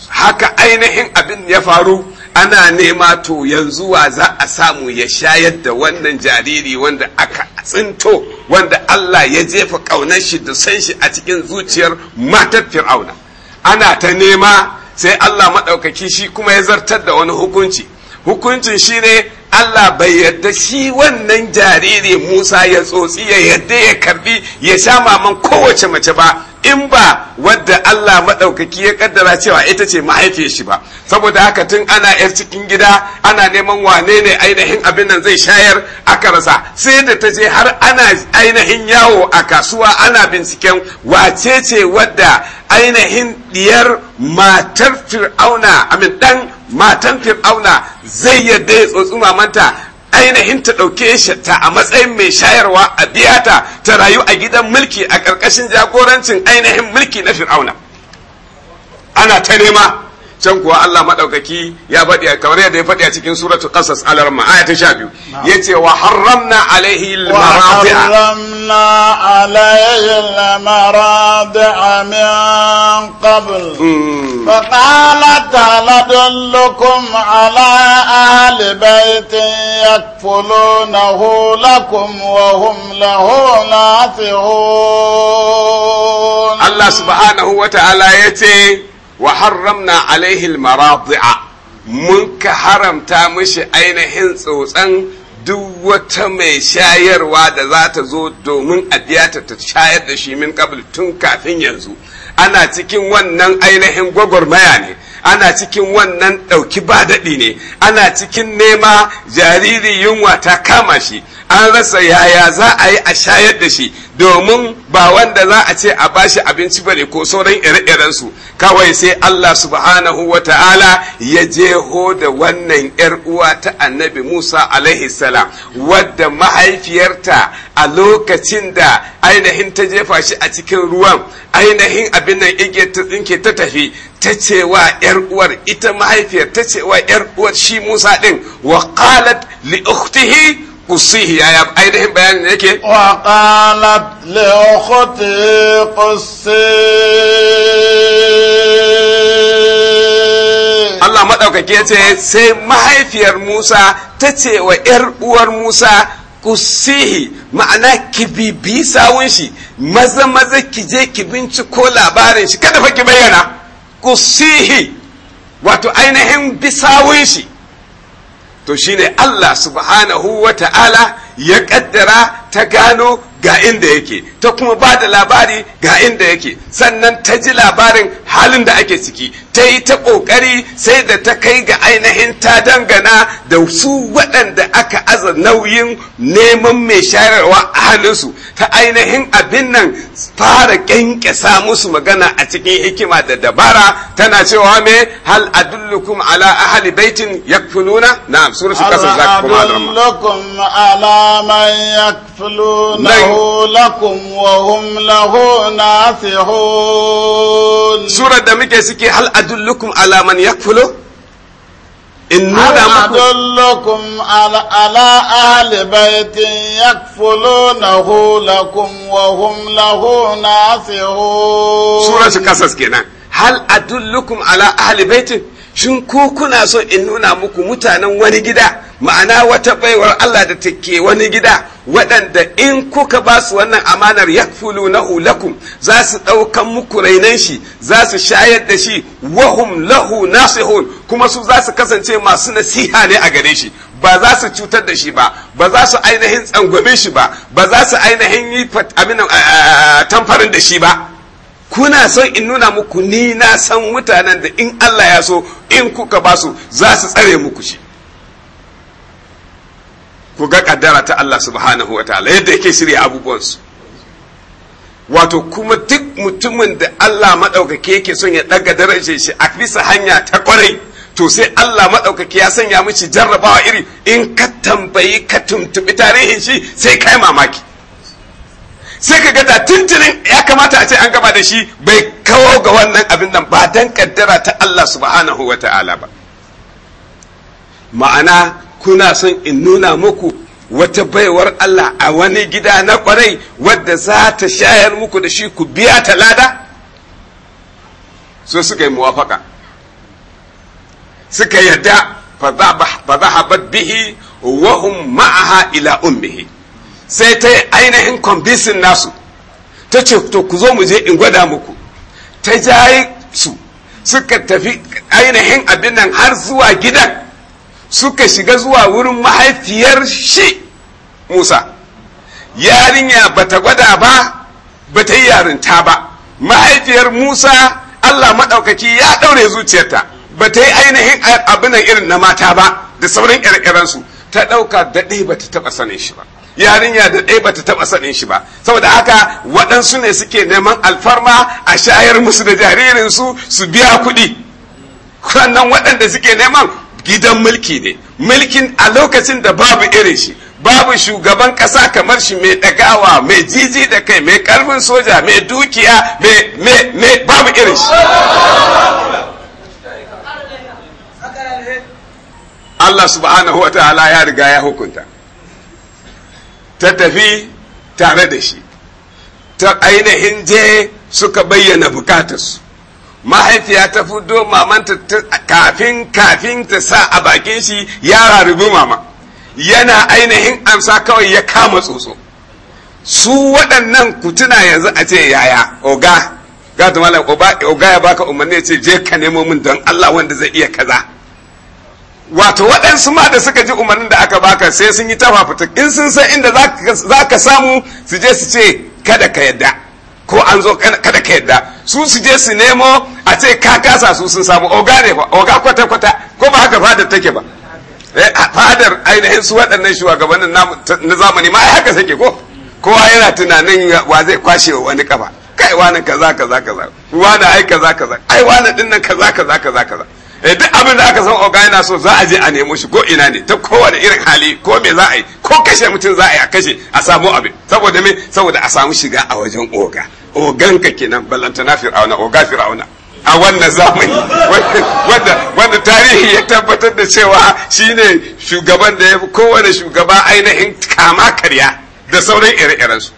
Speaker 1: haka ainihin abin ya faru ana nema to yanzu wa za a samu ya shayar da wannan jariri wanda aka tsinto wanda Allah ya jefa ƙaunar shi da san shi a cikin zuciyar matar fir'auna ana ta nema sai Allah maɗaukaki shi kuma ya zartar da wani hukunci hukuncin shi ne Allah bai yarda shi wannan jariri Musa ya tsotsi ya yarda ya karbi ya sha maman kowace mace ba in ba wadda Allah maɗaukaki ya kaddara cewa ita ce mahaifiyar shi ba saboda haka tun ana yar cikin gida ana neman wane ne ainihin abin nan zai shayar aka rasa sai da ta je har ana ainihin yawo a kasuwa ana binciken wace ce wadda ainihin ɗiyar matar fir'auna amin ɗan. matan fir'auna zai yadda ya tsotsi mamanta ainihin ta ɗauke shi ta a matsayin mai shayarwa a biyata ta rayu a gidan mulki a ƙarƙashin jagorancin ainihin mulki na fir'auna ana ta nema can kuwa Allah madaukaki ya faɗi kamar yadda ya faɗi a cikin suratul qasas alarma aya ta 12 yace wa harramna alaihi almaradi'a
Speaker 2: harramna alaihi almaradi'a min qabl
Speaker 1: hmm.
Speaker 2: fa qalat ladullukum ala ahli baitin yakfulunahu lakum wa hum lahu nasihun Allah subhanahu
Speaker 1: wa ta'ala yace wa haramna alaihi almaradi'a mun ka haramta mishi ainihin tsotsan duk wata mai shayarwa da za ta zo domin a ta shayar da shi min kabul tun kafin yanzu ana cikin wannan ainihin gwagwarmaya ne ana cikin wannan ɗauki ba daɗi ne ana cikin nema jariri yunwa ta kama shi an rasa yaya za a yi a shayar da shi domin ba wanda za a ce a bashi abinci bane ko sauran ire-irensu kawai sai Allah subhanahu wa ta'ala ya jeho da wannan ‘yar uwa ta annabi Musa alaihi salam wadda mahaifiyarta a lokacin da ainihin ta jefa shi a cikin ruwan ainihin abin nan inke ta tafi ta ce wa 'yar'uwar ita mahaifiyar ta ce wa ‘yar uwar shi Musa ɗin wa qalat li قصيه يا يعني ايده بيان نيكي
Speaker 2: وقالت لاختي قصي الله ما دوكي يتي سي
Speaker 1: مهيفير موسى تتي وير اور موسى قصيه معنى كبيبي ساونشي مزا مزا كيجي كبنتي كو لابارنشي كده فكي بيانا قصيه واتو اينهم بيساونشي to shine Allah subhanahu wa ta'ala ya ƙaddara ta gano ga inda yake ta kuma ba da labari ga inda yake sannan ta ji labarin halin da ake ciki ta yi ta ƙoƙari sai da ta kai ga ainihin ta dangana da su waɗanda aka aza nauyin neman mai shayarwa a halinsu ta ainihin abin nan fara ƙyanƙyasa musu magana a cikin hikima da dabara tana cewa me hal adullukum ala ahli baitin yakfuluna na su kasar zaka kuma
Speaker 2: adullukum ala man yakfulunahu lakum wa hum lahu sura da muke suke hal adullukum ala man yakfulu in nuna muku adullukum ala ala ahli baitin yakfulunahu lakum wa hum lahu nasihun suratul
Speaker 1: kasas kenan hal adullukum ala ahli baitin shin ku kuna so in nuna muku mutanen wani gida ma'ana wata baiwar Allah da take wani gida waɗanda in kuka ba su wannan amanar fulu na hulakum za su ɗaukan muku rainan shi za su shayar da shi wahum lahu nasihun kuma su za su kasance masu nasiha ne a gare shi ba za su cutar da shi ba ba za su ainihin tsangwame shi ba ba za su ainihin yi tamfarin da shi ba kuna son in nuna muku ni na san mutanen da in Allah ya so in kuka ba su za su tsare muku shi ku ga kaddara ta Allah subhanahu wa ta'ala yadda yake shirya abubuwansu wato kuma duk mutumin da Allah maɗaukaki yake son ya ɗaga darajar shi a bisa hanya ta kwarai to sai Allah maɗaukaki ya sanya mishi jarrabawa iri in ka tambayi ka tuntuɓi tarihin shi sai kai mamaki sai ka ga da tuntunin ya kamata a ce an gaba da shi bai kawo ga wannan abin nan ba dan kaddara ta Allah subhanahu wa ta'ala ba ma'ana kuna son in nuna muku wata baiwar Allah a wani gida na kwarai wadda za ta shayar muku da shi ku biya ta lada so suka yi muwafaka suka yarda fa zahabat bihi wa ma'aha ila ummihi sai ta yi ainihin kwambisin nasu ta ce to ku zo mu je in gwada muku ta jayi su suka tafi ainihin abin nan har zuwa gidan suka shiga zuwa wurin mahaifiyar shi musa yarinya bata gwada ba bata yi yarinta ba mahaifiyar musa allah maɗaukaki ya ɗaure zuciyarta bata yi ainihin abinan irin na mata ba da sauran ƙirƙiransu ta ɗauka daɗe bata taɓa sanin shi ba yarinya da ɗaya bata taɓa sanin shi ba saboda haka waɗansu ne suke neman alfarma a shayar musu da jaririnsu su biya kuɗi sannan waɗanda suke neman gidan mulki ne mulkin a lokacin da babu irin shi babu shugaban ƙasa kamar shi mai ɗagawa mai jiji da kai mai karfin soja mai dukiya mai babu irin shi Allah subhanahu wa ta'ala ya riga ya hukunta ta tafi tare da shi ta ainihin je suka bayyana bukatarsu mahaifiya ta fudo mamanta kafin kafin ta sa a bakin shi ya rarubi mama yana ainihin amsa kawai ya kama tsotso su waɗannan kutuna yanzu a ce yaya oga ga malam oga ya baka umarni ya ce je ka nemo min don Allah wanda zai iya kaza wato waɗansu ma da suka ji umarnin da aka baka sai sun yi tafafuta in sun san inda zaka samu su je su ce kada ka yadda ko an zo kada ka yadda su su je su nemo a ce ka kasa su sun samu oga ne oga kwata kwata ko ba haka fadar take ba eh, fadar ainihin su waɗannan shugabannin na zamani ma haka sake ko kowa yana tunanin wa zai kwashe wa wani kafa kai wani kaza kaza kaza wani ai kaza kaza ai wani din nan kaza kaza kaza kaza eh duk abin da aka san oga yana so za a je a nemo shi ko ina ne ta kowane irin hali ko me za a yi ko kashe mutum za a yi a kashe a samu abin saboda me saboda a samu shiga a wajen oga oganka kenan ballantana fir'auna oga fir'auna a wannan zamani wanda tarihi ya tabbatar da cewa shine shugaban da ya fi kowane shugaba ainihin kama karya da sauran ire-irensu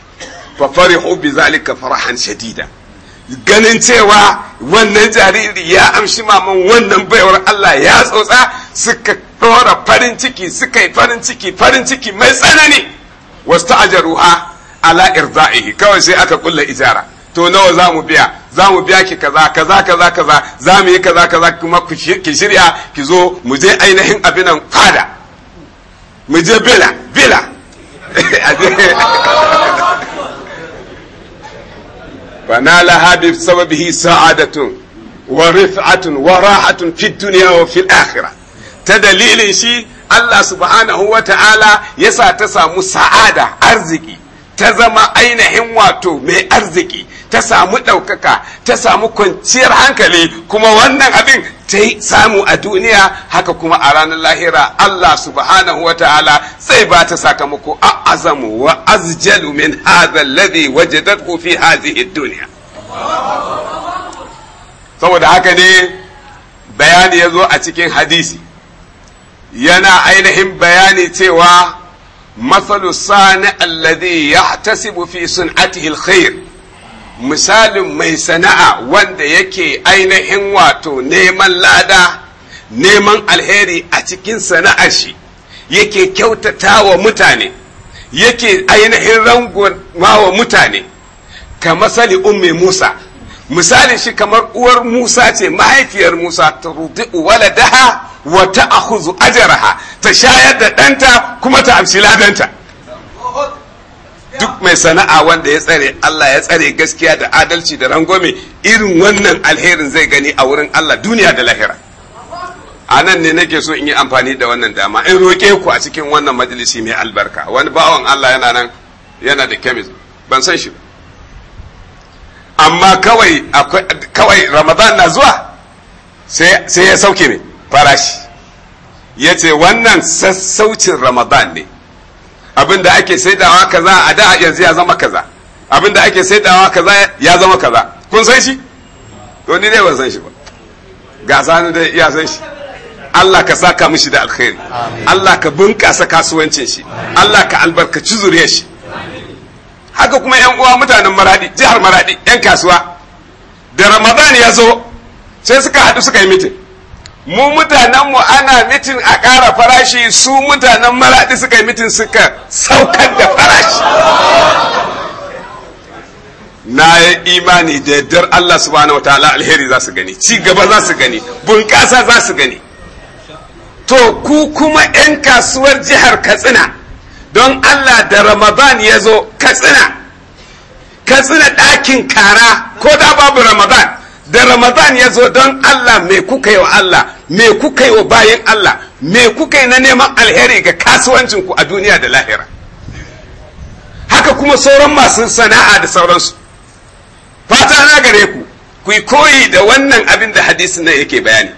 Speaker 1: fa farihu bi zalika farahan shadida ganin cewa wannan jariri ya amshi maman wannan baiwar Allah ya tsotsa suka ɗora farin ciki suka yi farin ciki farin ciki mai tsanani wasta'jaruha ala irza'ihi kawai sai aka kulla ijara to nawa za mu biya za mu biya ki kaza kaza kaza kaza za mu yi kaza kaza kuma ki shirya ki zo mu je ainihin abinan fada mu je bela bela فنالها بسببه سعادة ورفعة وراحة ta dalilin shi Allah تدليل شيء الله سبحانه وتعالى يسا تسامو سعادة arziki. ta zama ainihin wato mai arziki ta samu ɗaukaka ta samu kwanciyar hankali kuma wannan abin ta samu a duniya haka kuma a ranar lahira Allah subhanahu wa ta'ala zai ba ta sakamako a azamu wa azjalu min hadha alladhi wajadat fi hadhihi duniya saboda haka ne bayani ya zo a cikin hadisi yana ainihin bayani cewa masalu sani alladhi yahtasibu fi sun'atihi alkhair misalin mai sana'a wanda yake ainihin wato neman lada neman alheri a cikin sana'a shi yake kyautata wa mutane yake ainihin rangwama wa mutane ka masali ummi musa misali shi kamar uwar musa ce mahaifiyar musa ta rudi waladaha wa ta'khudhu ajaraha, ta shayar da danta kuma ta amshi ladanta duk mai sana'a wanda ya tsare Allah ya tsare gaskiya da adalci da rangwame irin wannan alherin zai gani a wurin Allah duniya da lahira a nan ne nake so in yi amfani da wannan dama in roƙe ku a cikin wannan majalisi mai albarka wani bawan Allah yana nan yana da kemis ban san shi amma kawai kawai ramadan na zuwa sai ya sauke mai farashi ya ce wannan sassaucin ramadan ne abinda ake saidawa kaza a da yanzu ya zama kaza abinda ake saidawa kaza ya zama kaza kun san shi to ni dai ban san shi ba ga sani dai iya san shi Allah ka saka mishi da alkhairi Allah ka bunƙasa kasuwancin shi Allah ka albarkaci zuriyar shi haka kuma yan uwa mutanen maradi jihar maradi yan kasuwa da ramadan ya zo sai suka haɗu suka yi mitin mu mutanenmu ana mitin a ƙara farashi su mutanen maraɗi suka yi mitin suka saukar da farashi na yi imani da yaddar Allah subhanahu wataala alheri za su gani ci gaba za su gani bunƙasa za su gani to ku kuma 'yan kasuwar jihar katsina don Allah da ramadan ya zo katsina katsina ɗakin kara ko da babu ramadan da ramadan ya zo don allah mai kuka yi wa allah mai kuka yi wa bayan allah mai kuka yi na neman alheri ga kasuwancinku a duniya da lahira haka kuma sauran masu sana'a da sauransu fata na gare ku ku yi koyi da wannan abin da hadisin nan yake bayani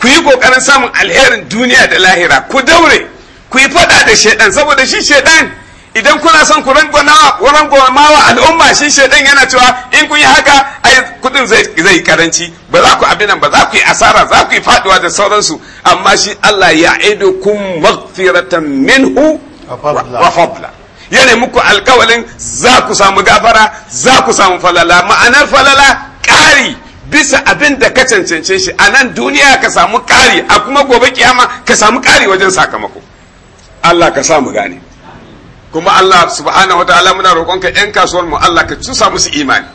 Speaker 1: ku yi kokarin samun alherin duniya da lahira ku daure ku yi fada da shaidan saboda shi shaidan idan kuna son ku wa al'umma shi shaidan yana cewa in kun yi haka ai kudin zai karanci ba za ku abinan ba za ku yi asara za ku yi faduwa da sauransu amma shi Allah ya aido kun maghfiratan minhu wa fadla yana muku alkawalin za ku samu gafara za ku samu falala ma'anar falala ƙari bisa abin da ka cancance shi a nan duniya ka samu ƙari a kuma gobe kiyama ka samu ƙari wajen sakamako Allah ka samu gane kuma Allah subhanahu wa ta'ala muna roƙonka yan kasuwar mu Allah ka cusa musu imani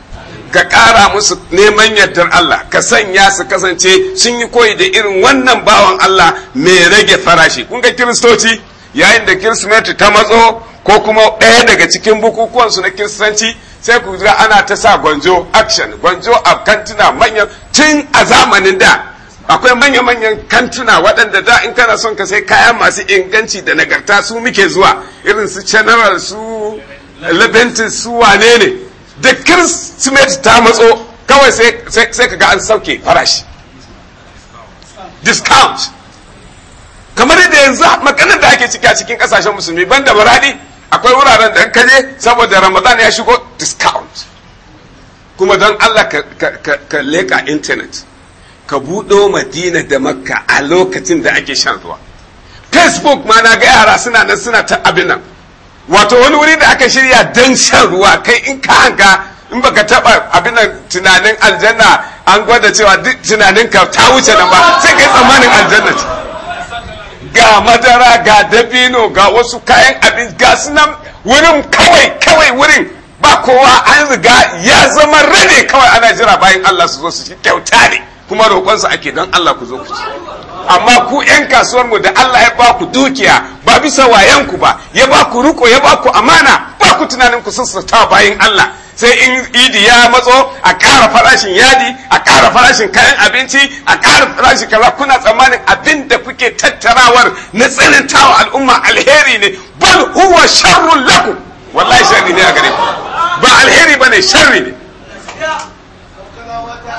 Speaker 1: ka ƙara musu neman yardar Allah ka sanya su kasance sun yi koyi da irin wannan bawan Allah mai rage farashi kun ga kiristoci yayin da kirsimeti ta matso ko kuma ɗaya daga cikin bukukuwansu na kiristanci sai ku ga ana ta sa gwanjo action gwanjo a kantina manyan tun a zamanin da akwai manya-manyan kantuna waɗanda da in kana son ka sai kayan masu inganci da nagarta su muke zuwa irin su general su labentin su wane ne da kirsimeti ta matso kawai sai ka ga an sauke farashi discount kamar da yanzu maganar da ake ciki a cikin kasashen musulmi ban da baradi akwai wuraren da kaje saboda ramadan ya shigo discount kuma don allah ka leka intanet ka buɗo madina da makka a lokacin da ake shan ruwa facebook ma na ga yara suna nan suna ta abin nan wato wani wuri da aka shirya don shan ruwa kai in ka hanga in baka taɓa abin nan tunanin aljanna an gwada cewa duk tunanin ka ta wuce nan ba sai kai tsammanin aljanna ce ga madara ga dabino ga wasu kayan abin ga nan, wurin kawai kawai wurin ba kowa an riga ya zama rane kawai ana jira bayan Allah su zo su ci kyauta ne kuma roƙonsa ake don Allah ku zo ku ci amma ku 'yan kasuwar mu da Allah ya ba ku dukiya ba bisa wayanku ba ya ba ku riko ya ba ku amana ba ku tunanin ku sassata bayan Allah sai in idi ya matso a ƙara farashin yadi a ƙara farashin kayan abinci a ƙara farashin kaza kuna tsammanin abin da kuke tattarawar na tsanantawa al'umma alheri ne bal huwa sharrun lakum wallahi sharri ne a gare ku ba alheri ne sharri ne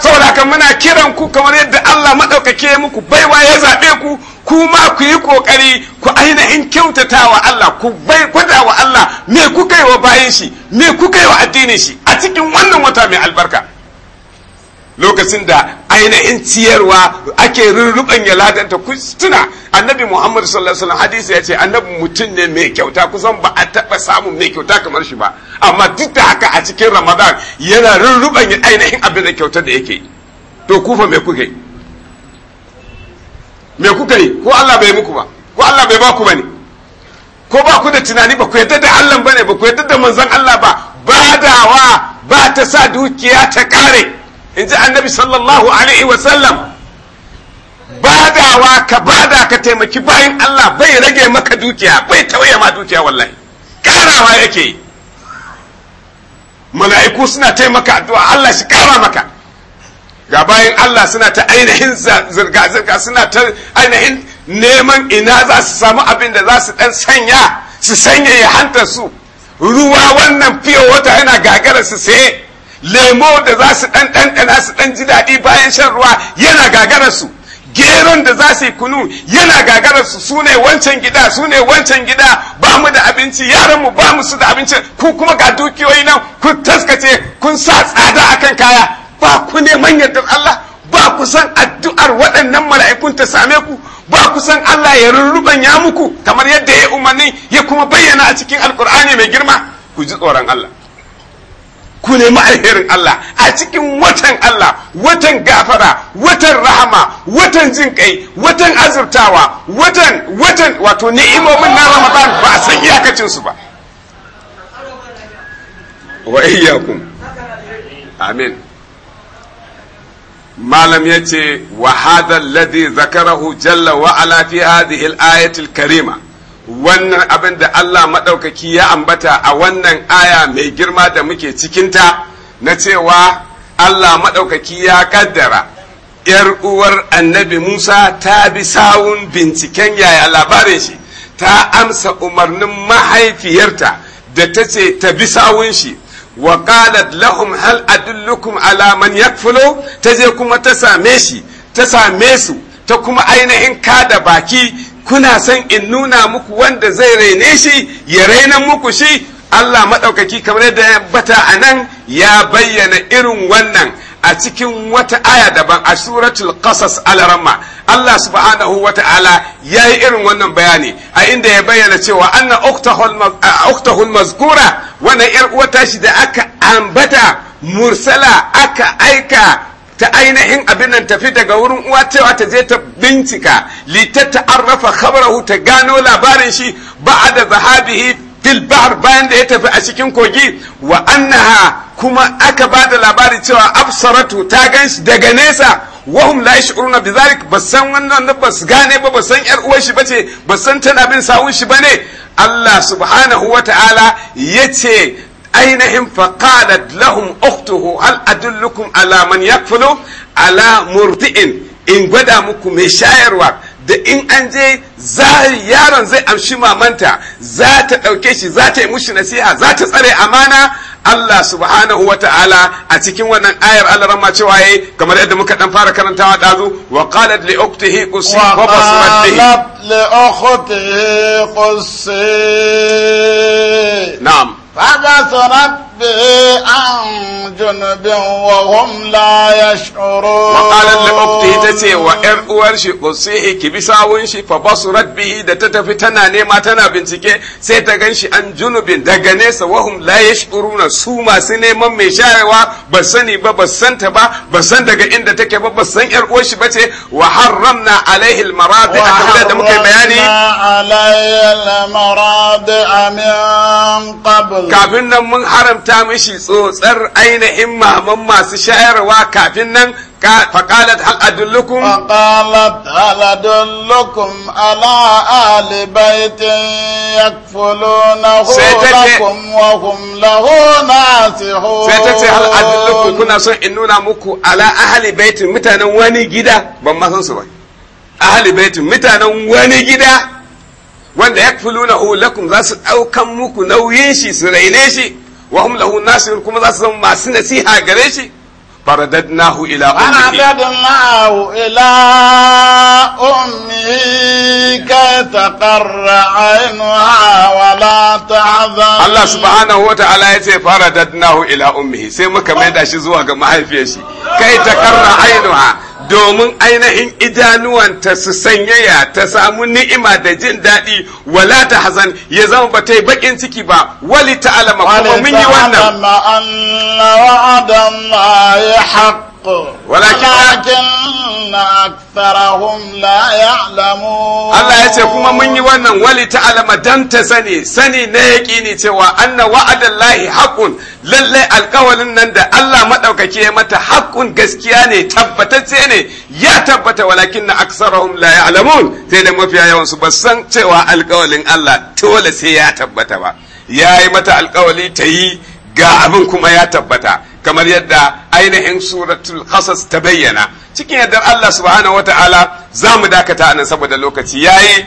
Speaker 1: saboda haka muna kiran ku kamar yadda Allah maɗaukake muku baiwa ya zaɓe ku kuma ku yi ƙoƙari ku ainihin kyautata wa Allah ku bai kwada wa Allah me kuka yi wa bayan shi me kuka yi wa addinin shi a cikin wannan wata mai albarka lokacin da ainihin ciyarwa ake rurruban ya ladanta ku tuna annabi muhammadu sallallahu alaihi wasallam hadisi ya ce annabi mutum ne mai kyauta kusan ba a taɓa samun mai kyauta kamar shi ba amma duk da haka a cikin ramadan yana rurruban ya ainihin abin da kyautar da yake to kufa me kuka yi me kuka yi ko Allah bai muku ba ko Allah bai baku ne ko ba ku da tunani ba ku yadda da Allah ne ba ku yadda da manzon Allah ba badawa ba ta sa dukiya ta kare in ji annabi sallallahu alaihi wasallam badawa ka bada ka taimaki bayan Allah bai rage maka dukiya bai tauye ma dukiya wallahi karawa yake mala'iku suna taimaka addu'a Allah shi kara maka ga bayan Allah suna ta ainihin zirga-zirga suna ta ainihin neman ina za su samu abin da za su dan sanya su sanya ya hantar su ruwa wannan fiye wata yana gagara su sai lemo da za su ɗan ɗanɗana su dan ji daɗi bayan shan ruwa yana gagarar su geron da za su yi kunu yana gagarar su su ne wancan gida su ne wancan gida ba mu da abinci yaran mu ba mu su da abinci ku kuma ga dukiyoyi nan kun taskace kun sa tsada akan kaya ba ku neman yardar Allah ba ku san addu'ar waɗannan mala'ikun ta same ku ba ku san Allah ya rurruban ya muku kamar yadda ya umarni ya kuma bayyana a cikin alkur'ani mai girma ku ji tsoron Allah ku nemi alherin Allah a cikin watan Allah watan gafara watan rahama watan jin kai watan azurtawa watan watan wato ni'imomin na Ramadan ba a san iyakacin su ba wa iyyakum amin malam yace wa hadha alladhi zakarahu jalla wa ala fi hadhihi al-ayati al-karima wannan abin da Allah maɗaukaki ya ambata a wannan aya mai girma da muke cikinta na cewa Allah maɗaukaki ya ƙaddara ‘yar uwar annabi Musa ta bi sawun binciken yaya labarin shi ta amsa umarnin mahaifiyarta da ta ce ta bi sawun shi wa qalat lahum hal adullukum alaman man yakfulu ta je kuma ta same shi ta same su ta kuma ainihin kada baki kuna son in nuna muku wanda zai raine shi ya raina muku shi Allah maɗaukaki kamar yadda ya bata a nan ya bayyana irin wannan a cikin wata aya daban a suratul qasas al-ramma Allah subhanahu wa ta'ala ya yi irin wannan bayani a inda ya bayyana cewa anna uktahul mazkura wannan yar wata shi da aka ambata mursala aka aika ta ainihin abin nan tafi daga wurin uwa cewa ta je ta bincika litatta arrafa khabarahu ta gano labarin shi da zahabihi fil bahar bayan da ya tafi a cikin kogi wa annaha kuma aka ba da labari cewa absaratu ta shi daga nesa wahum la yash'uruna bidhalik basan wannan ba su gane ba basan yar uwar shi bace basan tana bin sawun shi bane Allah subhanahu wa ta'ala yace ainihin faqalat lahum ukhtuhu hal adullukum ala man yakfulu ala murdi'in in gwada muku mai shayarwa da in an je yaron zai amshi mamanta za ta ɗauke shi za ta yi mushi nasiha za ta tsare amana Allah subhanahu wa ta'ala a cikin wannan ayar Allah ramma cewa yayi kamar yadda muka dan fara karantawa dazu wa qalat li ukhtihi qusi wa basurat
Speaker 2: li ukhtihi na'am فَذَا سَرَبْ به عن جنب وهم لا يشعرون وقالت لأخته
Speaker 1: تتي وإر أورش قصيه كبسا ونش فبصرت به da ta tafi tana nema tana bincike sai ta ganshi an junubin daga nesa wahum la yashuruna su masu neman mai sharewa ba sani ba ba san ta ba ba san daga inda take ba ba san yar uwar shi bace wa harramna alaihi almaradi kamar da muka bayani
Speaker 2: alaihi almaradi min kafin nan mun
Speaker 1: haramta halatta mishi tsotsar ainihin maman masu shayarwa kafin nan
Speaker 2: فقالت هل أدلكم فقالت هل أدلكم على أهل بيت يكفلونه لكم وهم له ناصحون سيتتي
Speaker 1: هل أدلكم كنا سن إنونا مكو على أهل بيت متانا واني جدا بما سنسوا أهل بيت متانا واني جدا wanda ya fi za su ɗaukan muku nauyin shi su raine shi wa hum kuma za su zama masu nasiha gare shi faradadnahu ila ummihi
Speaker 2: faradadnahu ila ummihi kay taqarra aynuha wa la tahzan Allah subhanahu
Speaker 1: wa ta'ala yace faradadnahu ila ummihi sai muka maida shi zuwa ga mahaifiyar shi
Speaker 2: kai taqarra aynuha
Speaker 1: domin ainihin idanuwanta su sanyaya ta samu ni'ima da jin daɗi wala ta hazan ya zama ba ta yi baƙin ciki ba wali ta'alama kuma mun yi wannan
Speaker 2: walakin aktharahum la ya'lamun Allah ya ce kuma mun yi
Speaker 1: wannan wali alama dan ta sani sani na ni cewa anna wa'adallahi haqqun lalle alƙawalin nan da Allah madaukake ya mata haqqun gaskiya ne tabbatacce ne ya tabbata walakin aktharahum la ya'lamun sai da mafiya yawan su san cewa alƙawalin Allah tole sai ya tabbata ba yayi mata alƙawali ta yi ga abin kuma ya tabbata kamar yadda ainihin suratul qasas ta bayyana cikin yadda Allah subhanahu wataala za mu dakata anan saboda lokaci yayi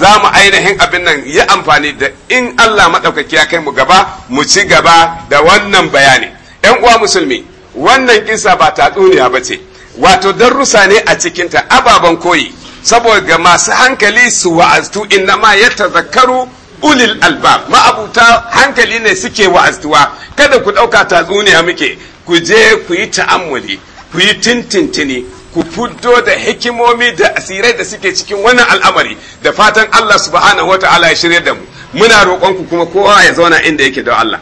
Speaker 1: za mu ainihin abin nan yi amfani da in Allah maɗaukaki ya kai mu gaba mu ci gaba da wannan bayani ‘yan uwa musulmi wannan kisa ba tatsuniya ba ce wato darussa ne a cikinta ababen koyi saboda masu hankali su wa'aztu inna ma ya tazakaru ulil alba ma'abuta hankali ne suke wa'aztuwa kada ku ɗauka tatsuniya muke ku je ku yi ta'ammuli ku yi tintintini ku fuddo da hikimomi da asirai da suke cikin wannan al'amari da fatan Allah subhanahu wata'ala ya shirya da mu muna roƙonku kuma kowa ya zauna inda yake da Allah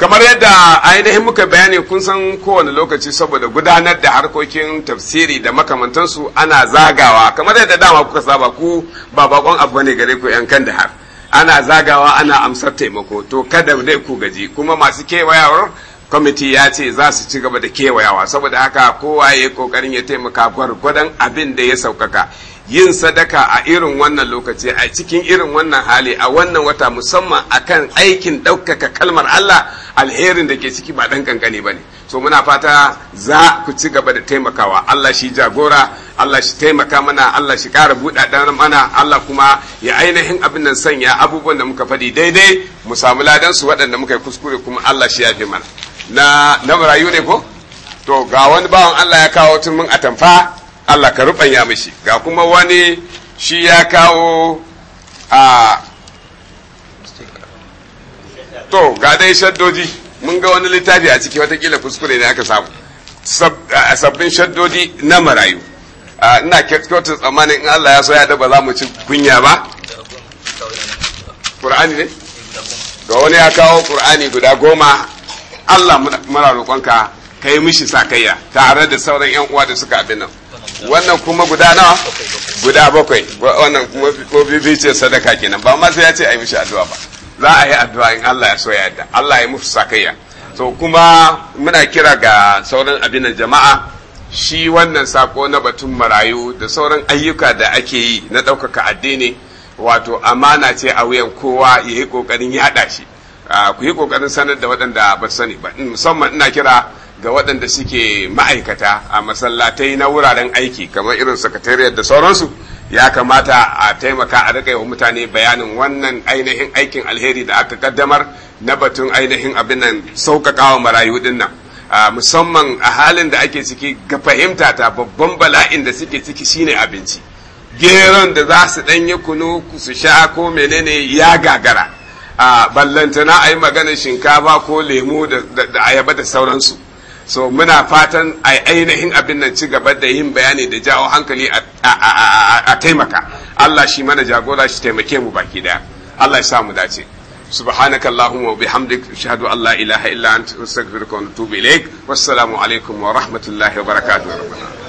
Speaker 1: kamar yadda ainihin muka bayani kun san kowane lokaci saboda gudanar da harkokin tafsiri da makamantansu ana zagawa kamar yadda dama kuka saba ku ba bakon abu bane gare ku yan kan da har ana zagawa ana amsar taimako to kada dai ku gaji kuma masu kewayawar kwamiti ya ce za su ci gaba da kewayawa saboda haka kowa ya yi kokarin ya taimaka gwargwadon abin da ya saukaka yin sadaka a irin wannan lokaci a cikin irin wannan hali a wannan wata musamman akan aikin ɗaukaka kalmar Allah alherin da ke ciki ba ɗan kankani ba ne so muna fata za ku ci gaba da taimakawa Allah shi jagora Allah shi taimaka mana Allah shi ƙara ɗan mana Allah kuma ya ainihin abin nan sanya abubuwan da muka faɗi daidai mu samu ladan waɗanda muka yi kuskure kuma Allah shi ya fi mana na na rayu ne ko to ga wani bawan Allah ya kawo tun mun atamfa Allah ka rubanya mishi ga kuma wani shi ya kawo a to ga dai shaddodi mun ga wani littafi a ciki watakila kuskure ne aka samu sabbin shaddodi na marayu ina kyautar tsammanin in Allah ya so ya daba za mu ci kunya ba Al-kur'ani ne ga wani ya kawo Al-Kur'ani guda goma Allah mara roƙonka yi mishi kayya tare da sauran 'yan uwa da suka abin nan wannan kuma guda nawa guda bakwai wannan kuma bibi ce sadaka kenan ba ma sai ya ce a yi mishi addu'a ba za a yi addu'a in Allah ya so ya yadda Allah ya musu sakayya to kuma muna kira ga sauran abin jama'a shi wannan sako na batun marayu da sauran ayyuka da ake yi na ɗaukaka addini wato amana ce a wuyan kowa ya yi ƙoƙarin yaɗa shi ah, ku yi ƙoƙarin sanar da waɗanda ba sani ba musamman ina kira ga waɗanda suke ma'aikata a masallatai na wuraren aiki kamar irin sakatariyar da sauransu ya kamata a taimaka a rika wa mutane bayanin wannan ainihin aikin alheri da aka kaddamar na batun ainihin abin nan sauƙaƙawa marayu ɗin nan musamman a halin da ake ciki ga fahimta ta babban bala'in da suke ciki shine abinci geron da za su ɗanyi kunu su sha ko menene ya gagara a ballantana a yi maganar shinkafa ko lemu da ayaba da sauransu so muna fatan a ainihin abin nan ci gaba da yin bayani da jawo hankali a taimaka Allah shi mana jagora shi taimake mu baki daya Allah ya sa mu dace سبحانك اللهم وبحمدك أشهد أن لا إله إلا أنت أستغفرك ونتوب إليك والسلام عليكم الله وبركاته